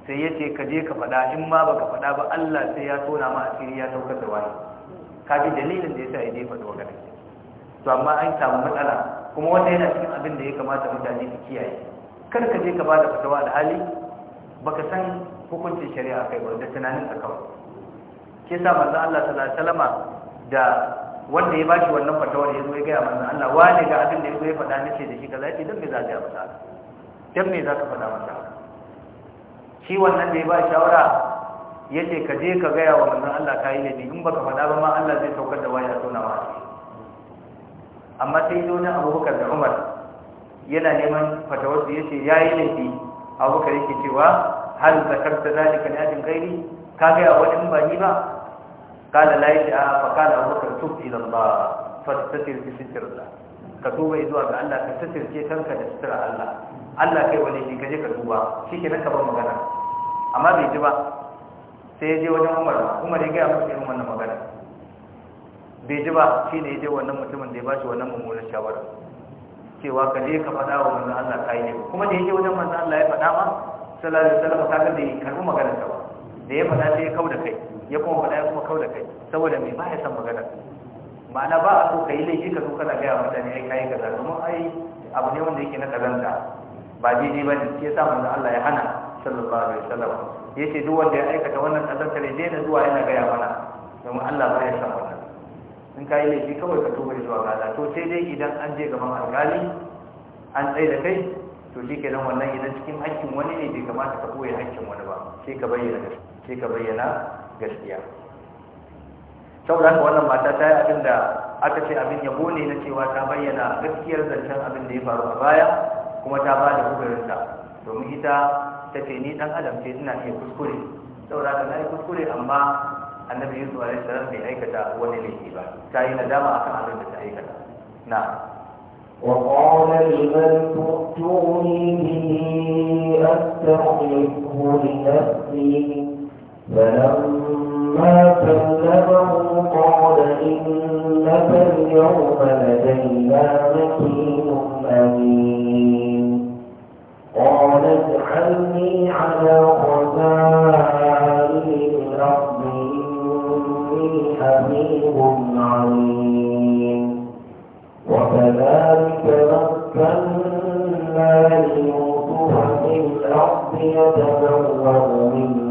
sai ya ce ka je ka fada in ma baka fada ba Allah sai ya tona ma asiri ya saukar da wani bi dalilin da ya sa ya je fada wannan to amma an samu matsala kuma wanda yana cikin abin da ya kamata mutane su kiyaye kar ka je ka bada fatawa da hali baka san hukuncin shari'a kai ba da tunanin ka kawai shi yasa manzo Allah sallallahu alaihi wasallama da wanda ya bashi wannan fatawar ya zo ya gaya manzo Allah wani ga abin da ya zo ya faɗa nake da shi kaza yace dan me za ka faɗa dan me za ka faɗa masa shi wannan da ya ba shawara yace ka je ka gaya wa manzo Allah kai ne in baka faɗa ba ma Allah zai saukar da waya tona ma amma sai zo Abu Bakar da Umar yana neman fatawar da yace yayi Abu Bakar yake cewa hal zakarta zalika li ajin ghairi ka gaya wani in ba ni ba Kadalla ya ce, a haifar kada an muka tuk gidan ba, fa ta fitar ta ce ta ce ta rassa. Ka duba iduwa ba. ya ce ta ce ta rassa da fitar a Allah. Allah ya kai wani kika je ka tukawa, kike da ka ba magana. Amma bai ji ba sai ya je wani Umar, Umar ya gaya kuma ya wannan magana. Bai ji ba sai ya je wannan mutumin da ya ba shi wannan mummunan shawarar. Cewa ka je ka faɗawa wani Allah ta aiyukan. Kuma da ya ke wani Allah ya faɗawa? Salisu da Salisu da ta kalla ya yi karɓar maganarta da ya faɗa ta ya ya kauda kai. ya kuma faɗa ya kuma da kai saboda mai ba ya san magana ma'ana ba a so ka yi laifi ka zo kana gaya mutane ai kayi kaza domin ai abu ne wanda yake na kazanta ba daidai ba ne ya sa manzo Allah ya hana sallallahu alaihi wasallam ce duk wanda ya aikata wannan kazanta ne daina zuwa yana gaya mana domin Allah ba ya san wannan in ka yi laifi kawai ka tuba zuwa ga Allah to sai dai idan an je gaban alƙali an tsaye da kai to shi kenan wannan idan cikin hakkin wani ne bai kamata ka ɓoye hakkin wani ba sai ka bayyana sai ka bayyana gaskiya saboda haka wannan mata ta yi abin da aka ce abin yabo ne na cewa ta bayyana gaskiyar zancen abin da ya faru a baya kuma ta ba da hukurinta domin ita ta ce ni dan adam ce ina iya kuskure saboda haka na yi kuskure amma annabi yusuf alaihi salam bai aikata wani laifi ba ta yi nadama akan abin da ta aikata na وقال لمن تؤتوني به أستخلفه لنفسي فلما كلمه قال إنك اليوم لدينا مكين أمين قال اجعلني على خزائن الأرض إني حبيب عليم وكذلك مكنا ليوسف في الأرض يتبوأ منها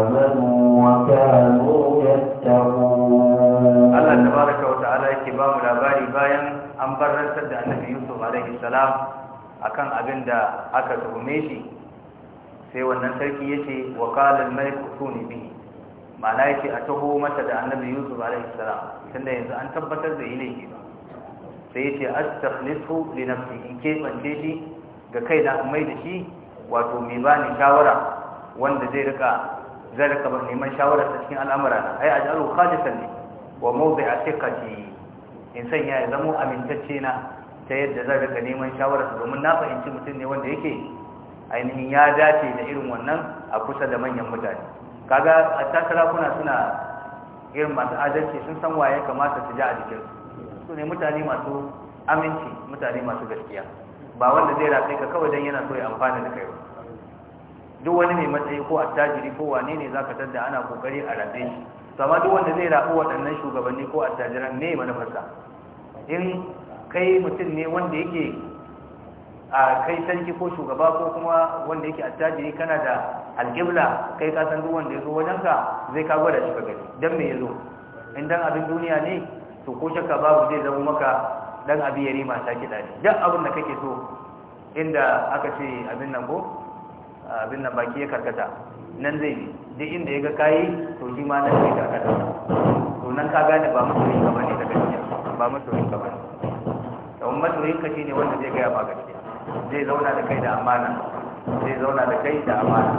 salam akan abin da aka tuhume shi sai wannan sarki yace wa qala al-malik tuni bi ma'ana a taho mata da annabi yusuf alaihi salam tunda yanzu an tabbatar da ilimi ba sai yace astakhlifu li nafsi ke bance shi ga kai da mai da shi wato mai bani shawara wanda zai rika zai rika ba neman shawara ta cikin al'amura na ai ajalu khalisan ne wa mawdi'a thiqati in sanya ya zamo amintacce na ta yadda zan rika neman shawararsa domin na fahimci mutum ne wanda yake ainihin ya dace da irin wannan a kusa da manyan mutane kaga a sarakuna suna irin masu adalci sun san waye kamata su ja a jikinsu su ne mutane masu aminci mutane masu gaskiya ba wanda zai rafe ka kawai don yana so ya amfana da kai duk wani mai matsayi ko attajiri ko wane ne zaka tadda ana kokari a rabe shi Sama amma duk wanda zai rafe waɗannan shugabanni ko attajiran ne manufarsa in kai mutum ne wanda yake a kai sarki ko shugaba ko kuma wanda yake attajiri kana da algibla kai ka san duk wanda ya zo wajenka zai ka gwada shi ka gani dan me ya zo in dan abin duniya ne to ko shakka babu zai zama maka dan abin yari ma ta kiɗa ne duk abin da kake so inda aka ce abin nan ko abin nan baki ya karkata nan zai yi. duk inda ya ga kayi to shi ma nan zai karkata to nan ka gane ba masoyin ka bane daga ba masoyin ka bane domin masoyin ka ne wanda zai gaya ma gaskiya zai zauna da kai da amana zai zauna da kai da amana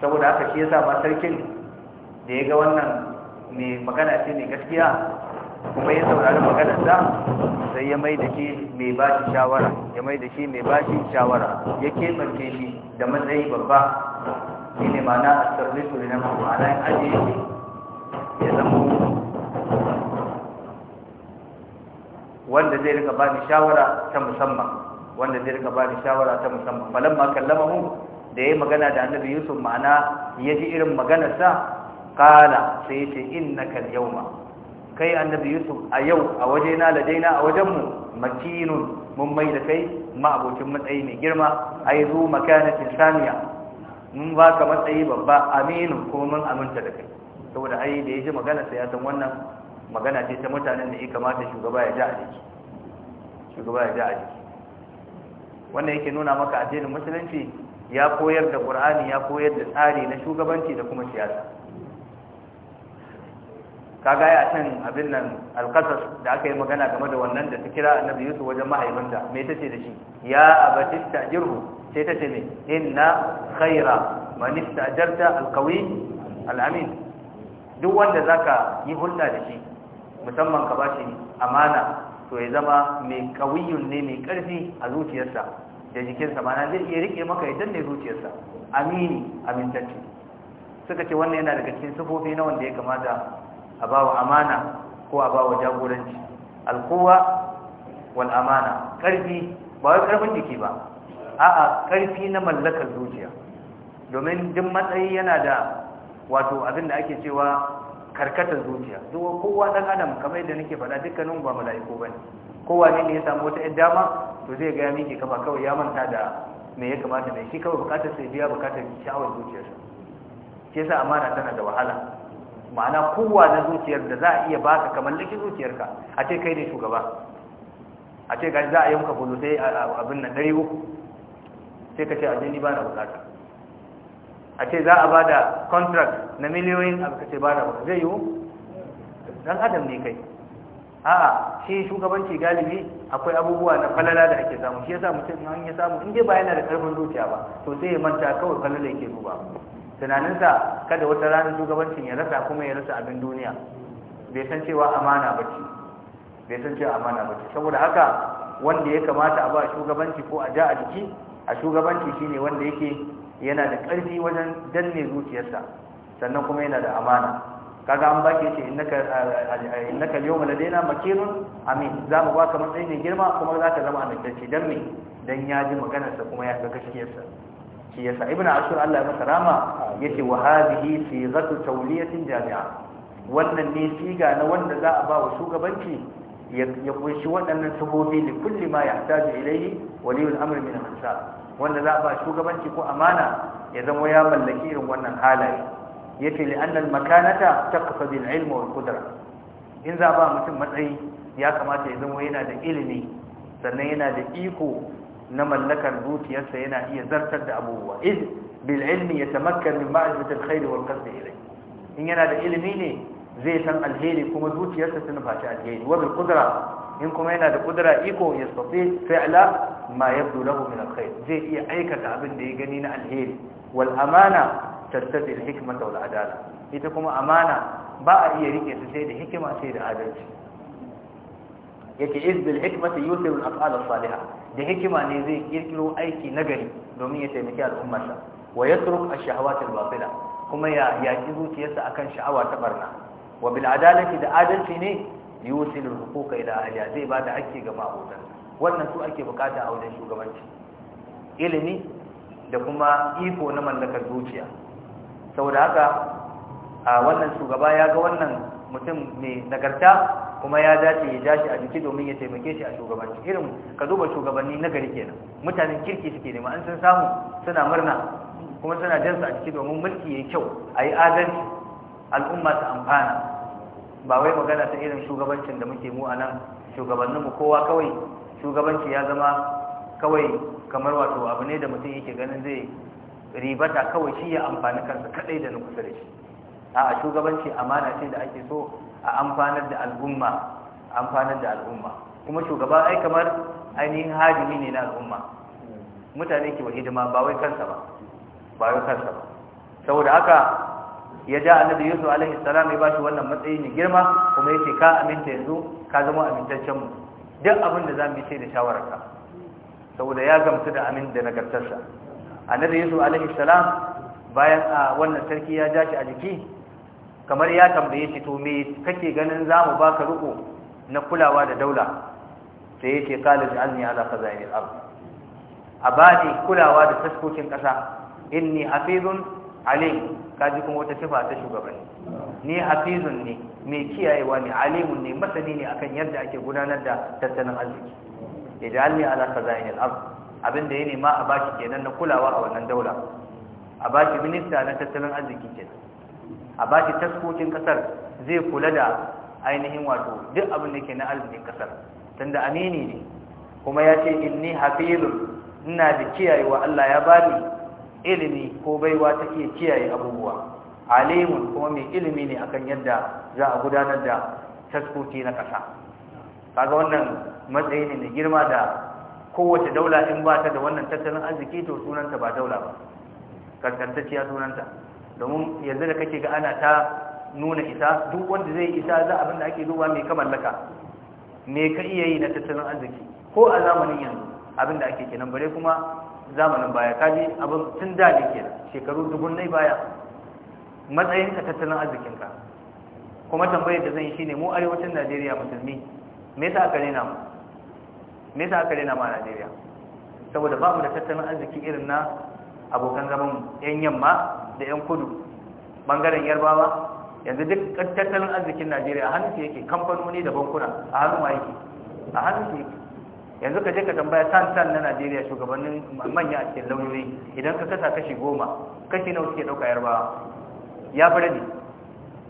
saboda haka shi yasa sa sarkin da ya ga wannan mai magana shi ne gaskiya kuma ya saurari sa sai ya mai da shi mai bashi shawara ya mai da shi mai shi shawara ya kemarke shi da matsayi babba shi ne mana a su ne na ma'ana ajiye ya zama wanda zai rika bani shawara ta musamman wanda zai rika bani shawara ta musamman kallama mu da yayi magana da annabi yusuf ma'ana yaji irin maganar sa qala sai yace innaka al-yawma kai annabi yusuf a yau a wajena ladaina a wajenmu makinun mun mai da kai ma'abocin matsayi mai girma ai zu makanatin saniya mun baka matsayi babba aminu kuma mun aminta da kai saboda ai da yaji magana sai ya san wannan magana ce ta mutanen da ya kamata shugaba ya ja a jiki shugaba ya ja a jiki wannan yake nuna maka addinin musulunci ya koyar da qur'ani ya koyar da tsari na shugabanci da kuma siyasa kaga ya san abin nan alqasas da aka yi magana game da wannan da ta kira annabi Yusuf wajen mahaifinta me tace da shi ya abati tajirhu sai tace me inna khaira man istajarta alqawi alamin duk wanda zaka yi hulɗa da shi musamman ka bashi amana to ya zama mai kawiyun ne mai karfi a zuciyarsa da jikinsa mana zai iya rike maka idan ne zuciyarsa amini amintacce suka ce wannan yana daga cikin sifofi na wanda ya kamata a bawa amana ko a bawa jagoranci alkowa wal amana karfi ba wai karfin jiki ba a'a karfi na mallakar zuciya domin duk matsayi yana da wato abin da ake cewa karkatar zuciya duk kowa dan adam kamar yadda nake faɗa dukkanin ba mala'iku bane kowa ne ya samu wata yar dama to zai ga ya miƙe kafa kawai ya manta da me ya kamata ne shi kawai bukatar sai biya bukatar sha'awar zuciyarsa shi yasa amana tana da wahala ma'ana kowa na zuciyar da za a iya baka kamar liki zuciyarka a ce kai ne shugaba a ce ga za a yi muka bulu sai abin nan ɗari uku sai ka ce a jini ba na bukata a ce za a bada contract na miliyoyin abu ka ce ba da zai yiwu dan adam ne kai a'a shi shugabanci galibi akwai abubuwa na falala da ake samu shi yasa mutum an ya samu in dai ba yana da karfin zuciya ba to sai ya manta kawai falala yake duba tunaninsa kada wata ranar shugabancin ya rasa kuma ya rasa abin duniya bai san cewa amana ba ce bai san cewa amana ba ce saboda haka wanda ya kamata a ba shugabanci ko a ja a jiki a shugabanci shine wanda yake yana da ƙarfi wajen danne zuciyarsa sannan kuma yana da amana kaga an baki ce innaka innaka yawma ladaina makinun amin za mu baka matsayin girma kuma za ka zama amintacce dan me dan ya ji maganarsa kuma ya ga gaskiyarsa shi yasa ibnu ashur Allah ya masa rama yace wa hadhihi sighatu tawliyatin jami'a wannan ne siga na wanda za a ba wa shugabanci ya kunshi waɗannan sabobi li kulli ma yahtaju ilayhi waliyul amri min al-ansar wanda za a ba shugabanci ko amana ya zama ya mallaki irin wannan halaye yace li anna makanata taqtadi al ilm wal in za ba mutum matsayi ya kamata ya zama yana da ilimi sannan yana da iko na mallakar zuciyarsa yana iya zartar da abubuwa iz bil ilmi yatamakkan min ma'rifati al khair wal qasd ilayhi in yana da ilimi ne zai san alheri kuma zuciyarsa ta nufaci alheri wa bil qudra in kuma yana da kudura iko ya safi fi'la ma yabdu lahu min alkhair zai iya aikata abin da ya gani na alheri wal amana tattadi da wal adala ita kuma amana ba a iya rike su sai da hikima sai da adalci yake iz bil hikmati yusiru al-af'al salihah da hikima ne zai kirkiro aiki nagari domin ya taimaki al'ummarsa wa yatruk ash-shahawat al-batila kuma ya yaki zuciyarsa akan sha'awa ta barna wa bil adalati da adalci ne yusiru al-huquq ila ahliha zai bada hakki ga ma'abotansa wannan su ake bukata a wajen shugabanci ilimi da kuma iko na mallakar zuciya saboda haka a wannan shugaba ya ga wannan mutum mai nagarta kuma ya dace ya dashi a jiki domin ya taimake shi a shugabanci irin ka duba shugabanni na gari kenan mutanen kirki suke nema an sun samu suna murna kuma suna jansa a jiki domin mulki yayi kyau a yi adalci al'umma ta amfana ba wai magana ta irin shugabancin da muke mu a nan shugabanninmu kowa kawai shugabanci ya zama kawai kamar wato abu ne da mutum yake ganin zai ribata kawai shi ya amfani kansa kadai da na kusa da shi a shugabanci amana ce da ake so a amfanar da al'umma amfanar da al'umma kuma shugaba ai kamar ainihin hadimi ne na al'umma mutane ke wahi hidima ba wai kansa ba ba wai kansa ba saboda haka ya ja annabi yusuf alaihi salam ya bashi wannan matsayi ne girma kuma yake ka aminta yanzu ka zama amintaccen mu duk abin da za mu ce da shawararka saboda ya gamsu da amin da nagartarsa annabi yusuf alaihi salam bayan a wannan sarki ya ja shi a jiki kamar ya tambaye shi to me kake ganin za mu baka riko na kulawa da daula sai ya ce qala alni ala khaza'in al-ard abadi kulawa da taskokin kasa inni hafizun alim kaji kuma wata sifa ta shugabanni ni hafizun ne mai kiyayewa ne alimun ne masani ne akan yadda ake gudanar da tattalin arziki ijalni ala khazain ard abin da ya nema a baki kenan na kulawa a wannan daula a baki minista na tattalin arziki kenan a baki taskokin kasar zai kula da ainihin wato duk abin da ke na arzikin kasar tunda amini ne kuma ya ce inni hafizun ina da kiyayewa Allah ya bani ilimi ko baiwa ta take kiyaye abubuwa alimun kuma mai ilimi ne akan yadda za a gudanar da taskoki na ƙasa kaga wannan matsayi ne da girma da kowace daula in ba ta da wannan tattalin arziki to sunanta ba daula ba kankantacciya sunanta domin yanzu da kake ga ana ta nuna isa duk wanda zai isa za abin da ake duba mai ka mallaka me ka iya yi na tattalin arziki ko a zamanin yanzu abin da ake kenan bare kuma zamanin baya kaji abin tun da ne kenan shekaru nai baya matsayinka tattalin arzikinka kuma tambayar da zan yi shine mu arewacin Najeriya musulmi me yasa aka rena mu me yasa aka rena mu a Najeriya saboda ba mu da tattalin arziki irin na abokan zaman mu yan yamma da yan kudu bangaren yarbawa yanzu duk tattalin arzikin Najeriya a su yake kamfanoni da bankuna a hannun yake a hannun yake yanzu ka je ka tambaya san san na Najeriya shugabannin manya a cikin lauyoyi idan ka kasa kashi goma kashi nawa suke dauka yarbawa ya fi rabi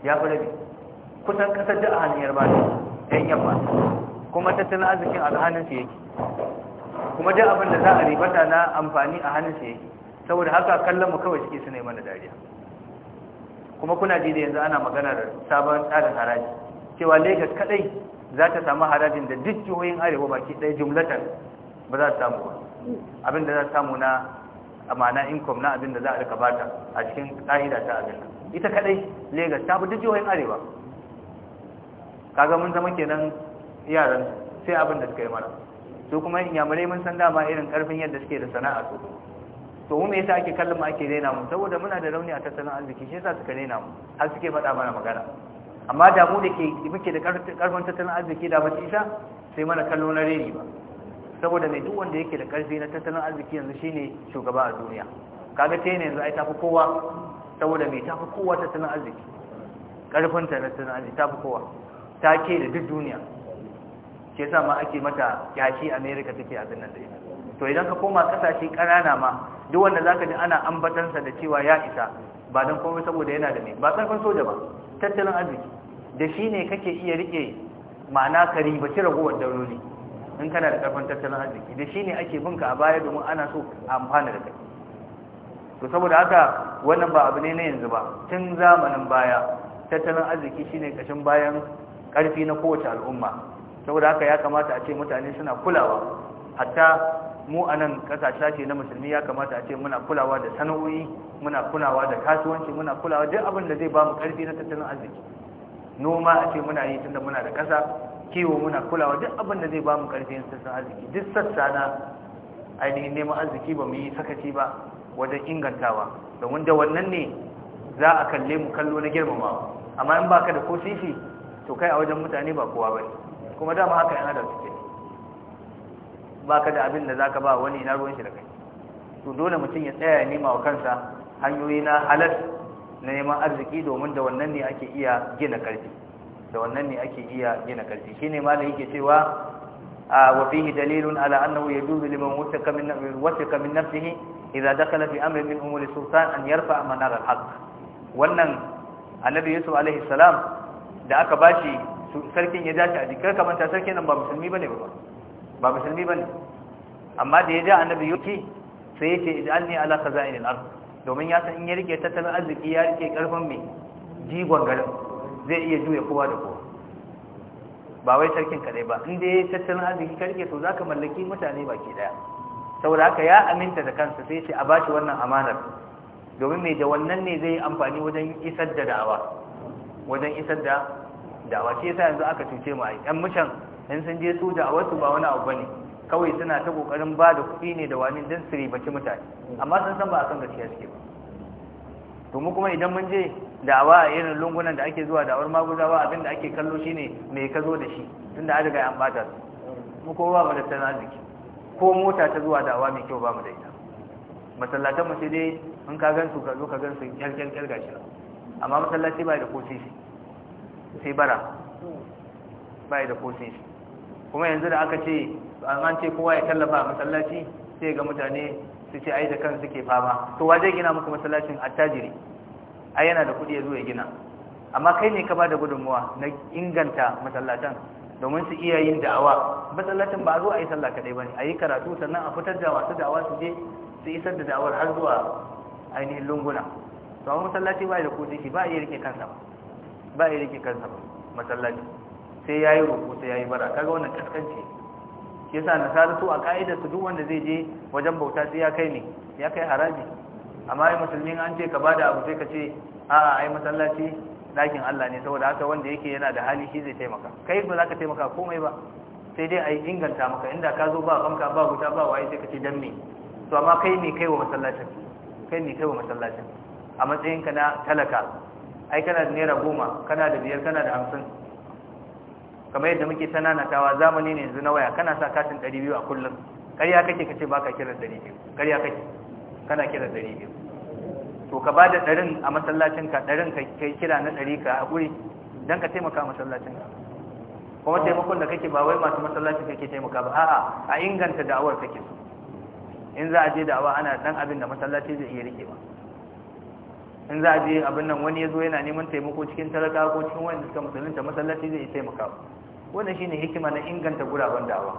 ya fi rabi kusan kasar da a hannun yarba ne yan yamma kuma tattalin arzikin a hannun su yake kuma duk abin da za a ribata na amfani a hannun su yake saboda haka kallon mu kawai suke su yi mana dariya kuma kuna ji da yanzu ana maganar sabon tsarin haraji cewa Lagos kadai za ta samu harajin da duk jihohin arewa baki ɗaya jumlatar ba za ta samu ba abin da za ta samu na amana income na abin da za a rika bata a cikin ƙa'ida ta abin nan ita kadai Legas ta fi duk jihohin arewa kaga mun zama kenan yaran sai abin da suka yi mana su kuma inyamurai mun san dama irin karfin yadda suke da sana'a su to mu me yasa ake kallon mu ake daina mu saboda muna da rauni a tattalin arziki shi yasa suka daina mu har suke faɗa mana magana amma da mu da ke muke da karfin tattalin arziki da bace isa sai mana kallo na reni ba saboda mai duk wanda yake da karfi na tattalin arziki yanzu shine shugaba a duniya kaga ta yanzu ai tafi kowa saboda mai tafi kowa ta tunan arziki ƙarfinta na tunan arziki tafi kowa ta ke da duk duniya ke sa ma ake mata yashi america take abin nan da ita to idan ka koma kasashe ƙanana ma duk wanda za ka ji ana ambatansa da cewa ya isa ba don komai saboda yana da mai ba ƙarfin soja ba tattalin arziki da shi ne kake iya riƙe ma'ana ka ribaci ragowar daurori in kana da ƙarfin tattalin arziki da shi ne ake binka a baya domin ana so amfana da kai to saboda haka wannan ba abu ne na yanzu ba tun zamanin baya tattalin arziki shine kashin bayan karfi na kowace al'umma saboda haka ya kamata a ce mutane suna kulawa hatta mu a nan kasashe ce na musulmi ya kamata a ce muna kulawa da sana'o'i muna kulawa da kasuwanci muna kulawa duk abin da zai ba mu karfi na tattalin arziki noma a ce muna yi tunda muna da kasa kiwo muna kulawa duk abin da zai ba mu karfi na tattalin arziki duk sassa na ainihin neman arziki ba mu yi sakaci ba wajen ingantawa domin da wannan ne za a kalle mu kallo na girmamawa amma in baka da ko sisi to kai a wajen mutane ba kowa bane kuma dama haka yana da suke baka da abin da zaka ba wani na ruwan shi da kai to dole mutum ya tsaya ya nema wa kansa hanyoyi na halal na neman arziki domin da wannan ne ake iya gina karfi da wannan ne ake iya gina karfi shine malai yake cewa wa fihi dalilun ala annahu yajuzu liman wasaka min wasaka min nafsihi idza dakhala fi amrin min umuri sultan an yarfa manar al-haq wannan annabi yusuf alaihi salam da aka bashi sarkin ya dace a jikar kamanta sarkin nan ba musulmi bane ba ba musulmi bane amma da ya ja annabi yuki sai ya ce ij'alni ala khaza'in al-ard domin ya san in ya rike tattalin arziki ya rike karfin mai jigon garin zai iya juya kowa da kowa ba wai sarkin kadai ba in dai tattalin arziki ka rike to zaka mallaki mutane baki daya saboda haka ya aminta da kansa sai ce a bashi wannan amanar domin mai da wannan ne zai amfani wajen isar da da'awa wajen isar da da'awa shi yasa yanzu aka cuce mu ai yan mushan in sun je su da'awar wasu ba wani abu bane kawai suna ta kokarin ba da kuɗi ne da wani dan su ribaci mutane amma sun san ba a san gaskiya suke ba to mu kuma idan mun je da'awa a irin lungunan da ake zuwa da'awar maguzawa abin da ake kallo shine mai ka zo da shi tunda an riga an bata su mu kowa ba da tana arziki ko mota ta zuwa da awa mai kyau ba mu da ita masallatan mu sai dai in ka gansu ka zo ka gansu su kyal gashi amma masallaci ba da kosi sai bara ba da kosi kuma yanzu da aka ce an ce kowa ya tallafa masallaci sai ga mutane su ce ai da kan suke fama to waje gina muku masallacin attajiri ai yana da kuɗi ya zo ya gina amma kai ne ka ba da gudunmuwa na inganta masallatan domin su iya yin da'awa matsalatin ba zuwa zo a yi sallah kadai ne, a yi karatu sannan a fitar da masu da'awa su je su isar da da'awar har zuwa ainihin lunguna to amma masallaci ba ya da kodiki ba yi rike kansa ba ba ya rike kansa ba masallaci sai yi ruku sai yi bara kaga wannan kaskanci sa na sadu su a kaidar su duk wanda zai je wajen bauta sai ya kai ne ya kai haraji amma ai musulmin an ce ka bada abu sai ka ce a'a ai masallaci dakin Allah ne saboda haka wanda yake yana da hali shi zai taimaka kai ba za ka taimaka komai ba sai dai a yi inganta maka inda ka zo ba banka ba wuta ba wa sai ka ce dan me to amma kai ne kai wa masallacin kai ne kai wa masallacin a matsayinka na talaka ai kana da naira goma kana da biyar kana da hamsin kamar yadda muke ta zamani ne yanzu na waya kana sa katin ɗari biyu a kullum karya kake ka ce ba ka kiran ɗari biyu karya kake kana kiran ɗari biyu to ka bada ɗarin a masallacinka ɗarin ka kai kira na ɗari ka haƙuri don ka taimaka a masallacinka kuma taimakon da kake ba wai masu masallaci kake taimaka ba a'a a inganta da'awar kake so in za a je da'awa ana dan abin da masallaci zai iya rike ba in za a je abin nan wani ya zo yana neman taimako cikin talaka ko cikin wani da suka musulunta masallaci zai iya taimaka wannan shine hikima na inganta guraben da'awa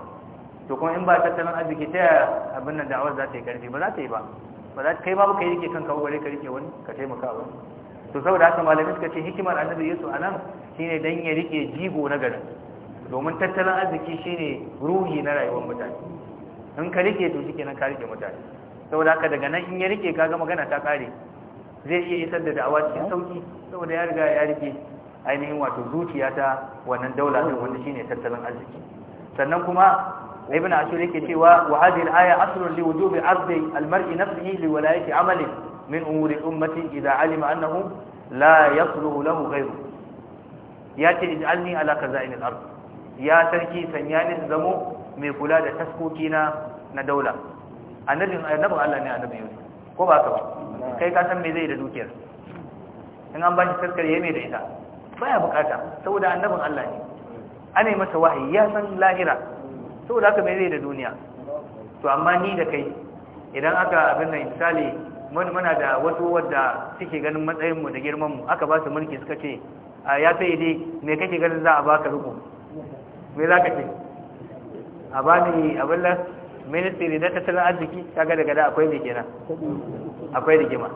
to kuma in ba tattalin arziki ta abin nan da'awar za ta yi karfi ba za ta yi ba ba za kai ma baka yi rike kanka bare ka rike wani ka taimaka wani to saboda haka malamai suka ce hikimar annabi Yesu anan shine dan ya rike jigo na garin domin tattalin arziki shine ruhi na rayuwar mutane in ka rike to shikenan ka rike mutane saboda haka daga nan in ya rike kaga magana ta kare zai iya isar da da'awa cikin sauki saboda ya riga ya rike ainihin wato zuciya ta wannan daula din wanda shine tattalin arziki sannan kuma ibn ashur yake cewa wa hadhihi al-aya aslun li wujubi ardi al-mar'i nafsihi li walayati amali min umuri ummati idha alima annahu la yasluhu lahu ghayru yace ij'alni ala kaza'in al-ard ya sarki sanya ni zamo mai kula da taskoki na na daula annabin annabin Allah ne annabi Yusuf ko ba ka ba kai ka san me zai da dukiyar in an bashi sarkar yayi me da ita baya bukata saboda annabin Allah ne ana yi masa wahayi ya san lahira saboda haka mai zai da duniya to amma ni da kai idan aka abin nan misali mun muna da wasu wadda suke ganin matsayin mu da girman mu aka ba su mulki suka ce ya sai dai me kake ganin za a baka riko me za ka ce a bani abin nan ministry na tattalin arziki kaga daga da akwai me kenan akwai rigima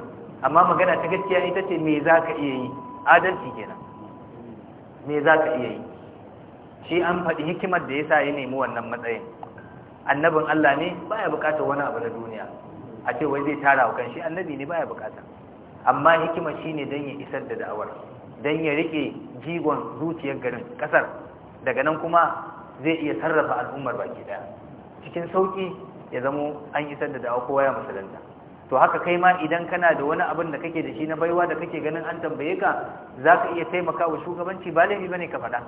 amma magana ta gaskiya ita ce me za ka iya yi adalci kenan me za ka iya yi shi an faɗi hikimar da ya sa ya nemi wannan matsayin annabin Allah ne ba ya buƙatar wani abu na duniya a ce wai zai tara wa kanshi annabi ne ba ya bukata amma hikimar shi ne don ya isar da da'awar don ya rike jigon zuciyar garin ƙasar, daga nan kuma zai iya sarrafa al'ummar baki ɗaya. cikin sauƙi ya zamo an isar da da'awa kowa ya musulunta to haka kai ma idan kana da wani abin da kake da shi na baiwa da kake ganin an tambaye ka za ka iya taimaka wa shugabanci ba laifi ne ka faɗa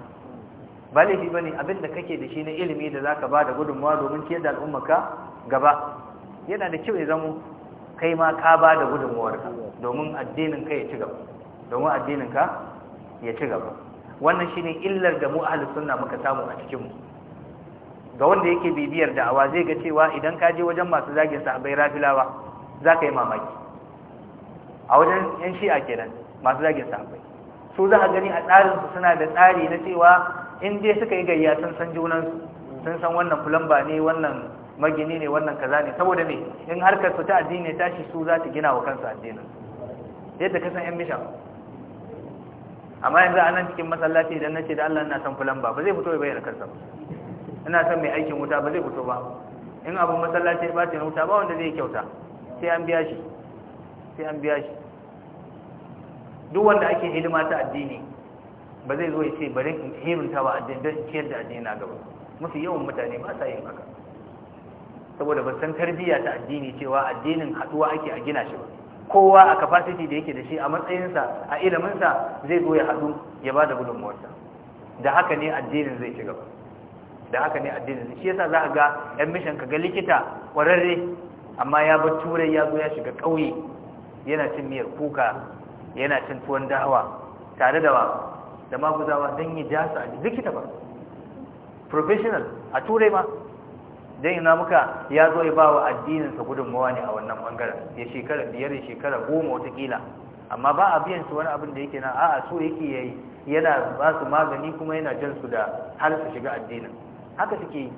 ba laifi ba ne abinda kake da shi na ilimi da zaka ba da gudunmawa domin ke da al'ummarka gaba yana da kyau ya zamo kai ma ka ba da gudunmawarka domin addininka ya ci gaba domin addininka ya ci gaba wannan shi ne illar da mu ahlus sunna muka samu a cikinmu ga wanda yake bibiyar da awa zai ga cewa idan ka je wajen masu zagin sahabbai rafilawa za yi mamaki a wajen yan shi'a kenan masu zagin sahabbai su za a gani a tsarinsu suna da tsari na cewa in dai suka yi gayya sun san junansu sun san wannan fulamba ne wannan magini ne wannan kaza ne saboda me in harkar su ta addini ta shi su za ta gina wa kansu addinin yadda ka san yan mishan amma yanzu a nan cikin masallaci idan nace da Allah ina san fulamba ba zai fito ya bayyana kansa ba ina san mai aikin wuta ba zai fito ba in abun masallaci ba ta wuta ba wanda zai kyauta sai an biya shi sai an biya shi duk wanda ake hidima ta addini ba zai zo ya ce bari in himinta ba addin don ciyar da addini na gaba mafi yawan mutane ba sa yin haka saboda ban san tarbiyya ta addini cewa addinin haduwa ake a gina shi ba kowa a capacity da yake da shi a matsayinsa a iliminsa zai zo ya hadu ya ba da gudunmuwarsa da haka ne addinin zai ci gaba da haka ne addinin shi yasa za a ga yan mission ka ga likita kwararre amma ya bar turai ya zo ya shiga ƙauye yana cin miyar kuka yana cin tuwon dawa tare da da maguzawa don yi jasa a likita ba professional a turai ma don yana muka ya zo ya ba wa addininsa gudunmawa ne a wannan bangaren ya shekara biyar ya shekara goma watakila amma ba a biyan su wani abin da yake na a'a su yake yayi yana ba su magani kuma yana jan su da har su shiga addinin haka suke yi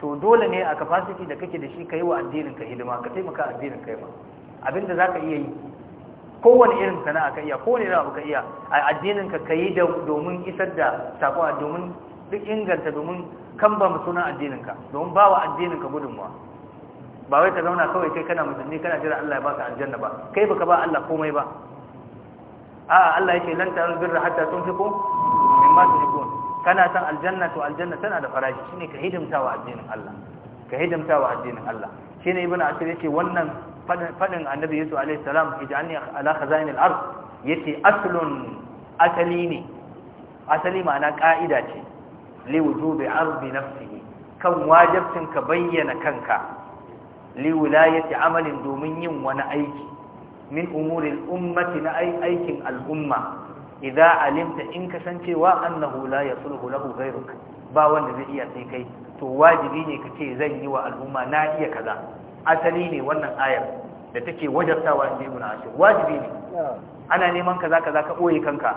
to dole ne a capacity da kake da shi ka yi wa addinin ka hidima ka taimaka addinin ka yi ma abinda za ka iya yi kowane irin sana'a ka iya kowane irin abu ka iya a addinin ka kai domin isar da sako domin duk inganta domin kamba sunan addinin ka domin bawa addinin ka gudunmuwa ba wai ka zauna kawai kai kana musulmi kana jira Allah ya baka aljanna ba kai baka ba Allah komai ba a'a Allah yake lan ta birra hatta tunfiqu mimma tunfiqun kana san aljanna to aljanna tana da farashi shine ka hidimta wa addinin Allah ka hidimta wa addinin Allah shine ibnu asir yake wannan fadin annabi yusuf alaihi salam ij'alni ala khazain al-ard yace aslun asali ne asali ma'ana ka'ida ce li wujubi ardi nafsihi kan wajibcin ka bayyana kanka li wilayati amalin domin yin wani aiki min umuril ummati na aikin al'umma idza alimta in kasancewa annahu la yasluhu lahu ghayruka ba wanda zai iya sai kai to wajibi ne kace zan yi wa al'umma na iya kaza asali ne wannan ayar da take wajartawa inda yi munashi wajibi ne ana neman ka za ka boye kanka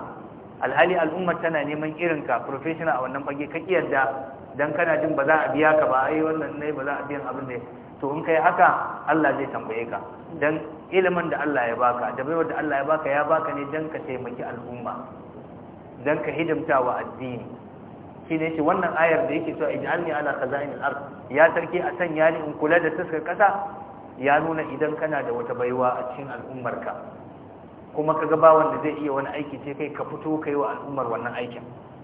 alhali al'ummar tana neman irin ka professional a wannan fage ka kiyarda don kana jin ba za a biya ka ba yi wannan ne ba za a biyan abin da to in kai haka Allah zai tambaye ka don ilimin da Allah ya baka da baiwar da Allah ya baka ya baka ne dan ka taimaki al'umma dan ka hidimta wa addini shi ne yace wannan ayar da yake cewa ij'alni ala al ard ya sarki a sanya ni in kula da taskar kasa ya nuna idan kana da wata baiwa a cikin al'ummarka kuma kaga ba wanda zai iya wani aiki ce kai ka fito kai wa al'ummar wannan aikin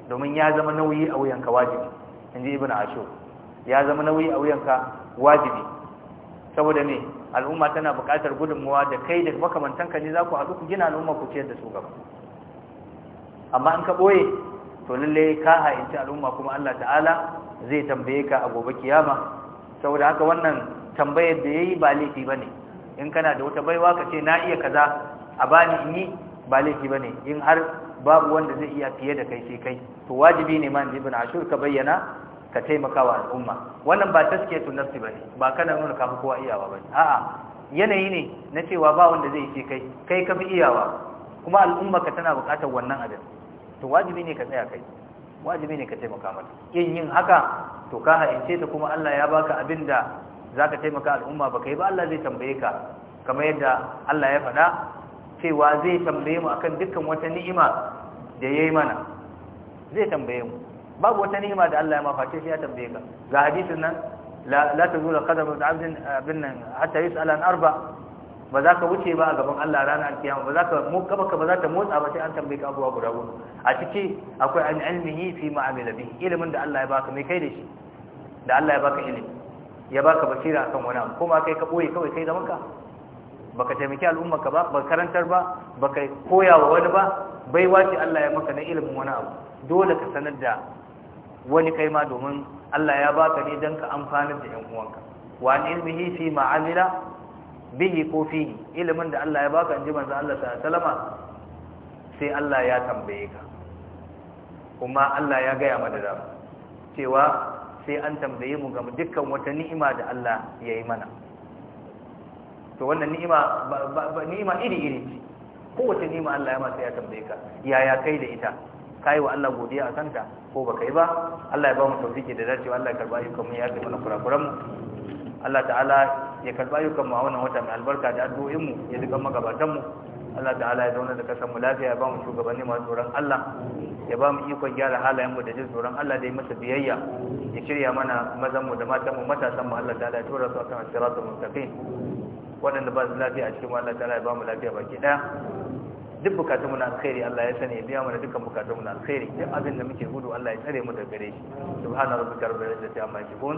domin ya zama nauyi a wuyanka wajibi inji ibnu ashur ya zama nauyi a wuyanka wajibi saboda me al'umma tana buƙatar gudunmuwa da kai da makamantanka ne za ku haɗu ku gina al'umma ku ciyar da su gaba amma in ka ɓoye to lalle ka ha'inci al'umma kuma Allah ta'ala zai tambaye ka a gobe kiyama saboda haka wannan tambayar da yayi ba laifi bane in kana da wata baiwa ka ce na iya kaza a bani in yi ba laifi bane in har babu wanda zai iya fiye da kai sai kai to wajibi ne man ibn ashur ka bayyana ka taimaka wa al'umma wannan ba taskiyatu nafsi bane ba kana nuna ka kowa iyawa bane a'a yanayi ne na cewa ba wanda zai fi kai kai ka fi iyawa kuma al'umma ka tana bukatar wannan abin to wajibi ne ka tsaya kai wajibi ne ka taimaka mata yin yin haka to ka haince ta kuma Allah ya baka abin da ka taimaka al'umma ba Ka yi ba Allah zai tambaye ka kamar yadda Allah ya faɗa cewa zai tambaye mu akan dukkan wata ni'ima da yayi mana zai tambaye mu babu wata ni'ima da Allah ya maface face sai ya tambaye ka ga hadisin nan la la tazulu qadamu 'abdin binnan hatta yus'ala an arba ba za ka wuce ba a gaban Allah ranar kiyama ba za ka kaba ka ba za ta motsa ba sai an tambaye ka abuwa guda hudu a ciki akwai an ilmihi fi ma'amila bi ilimin da Allah ya baka mai kai da shi da Allah ya baka ilimi ya baka basira akan wani abu kuma kai ka boye kawai kai zaman ka baka taimaki al'umma ka ba baka karantar ba baka koya wa wani ba baiwa wace Allah ya maka na ilimin wani abu dole ka sanar da wani kai ma domin Allah ya baka ne dan ka amfanar da yan uwanka wa an ilmihi fi ma'amila bihi ko fihi ilimin da Allah ya baka inji manzo Allah sallama sai Allah ya tambaye ka kuma Allah ya gaya mana da cewa sai an tambaye mu ga dukkan wata ni'ima da Allah ya yi mana to wannan ni'ima ni'ima iri iri ce kowace ni'ima Allah ya masa ya tambaye ka yaya kai da ita kai wa Allah godiya a kanta ko baka yi ba Allah ya ba mu tawfiki da dacewa Allah ya karba ayyukan mu ya ga mana kurakuran mu Allah ta'ala ya karba ayyukan mu a wannan wata mai albarka da addu'o'in mu ya duka magabatan mu Allah ta'ala ya zauna da kasan mu lafiya ya ba mu shugabanni masu tsoron Allah ya ba mu ikon gyara halayen mu da jin tsoron Allah da yi masa biyayya ya shirya mana mazan mu da matan mu matasan mu Allah ta'ala ya tura su akan siratul mustaqim waɗanda ba su lafiya a cikin Allah ta'ala ya ba mu lafiya baki daya duk bukatunmu na alkhairi Allah ya sani ya biya mana dukkan bukatunmu na alkhairi duk abin da muke gudu Allah ya tsare mu daga gare shi subhana rabbika rabbil izzati amma yasifun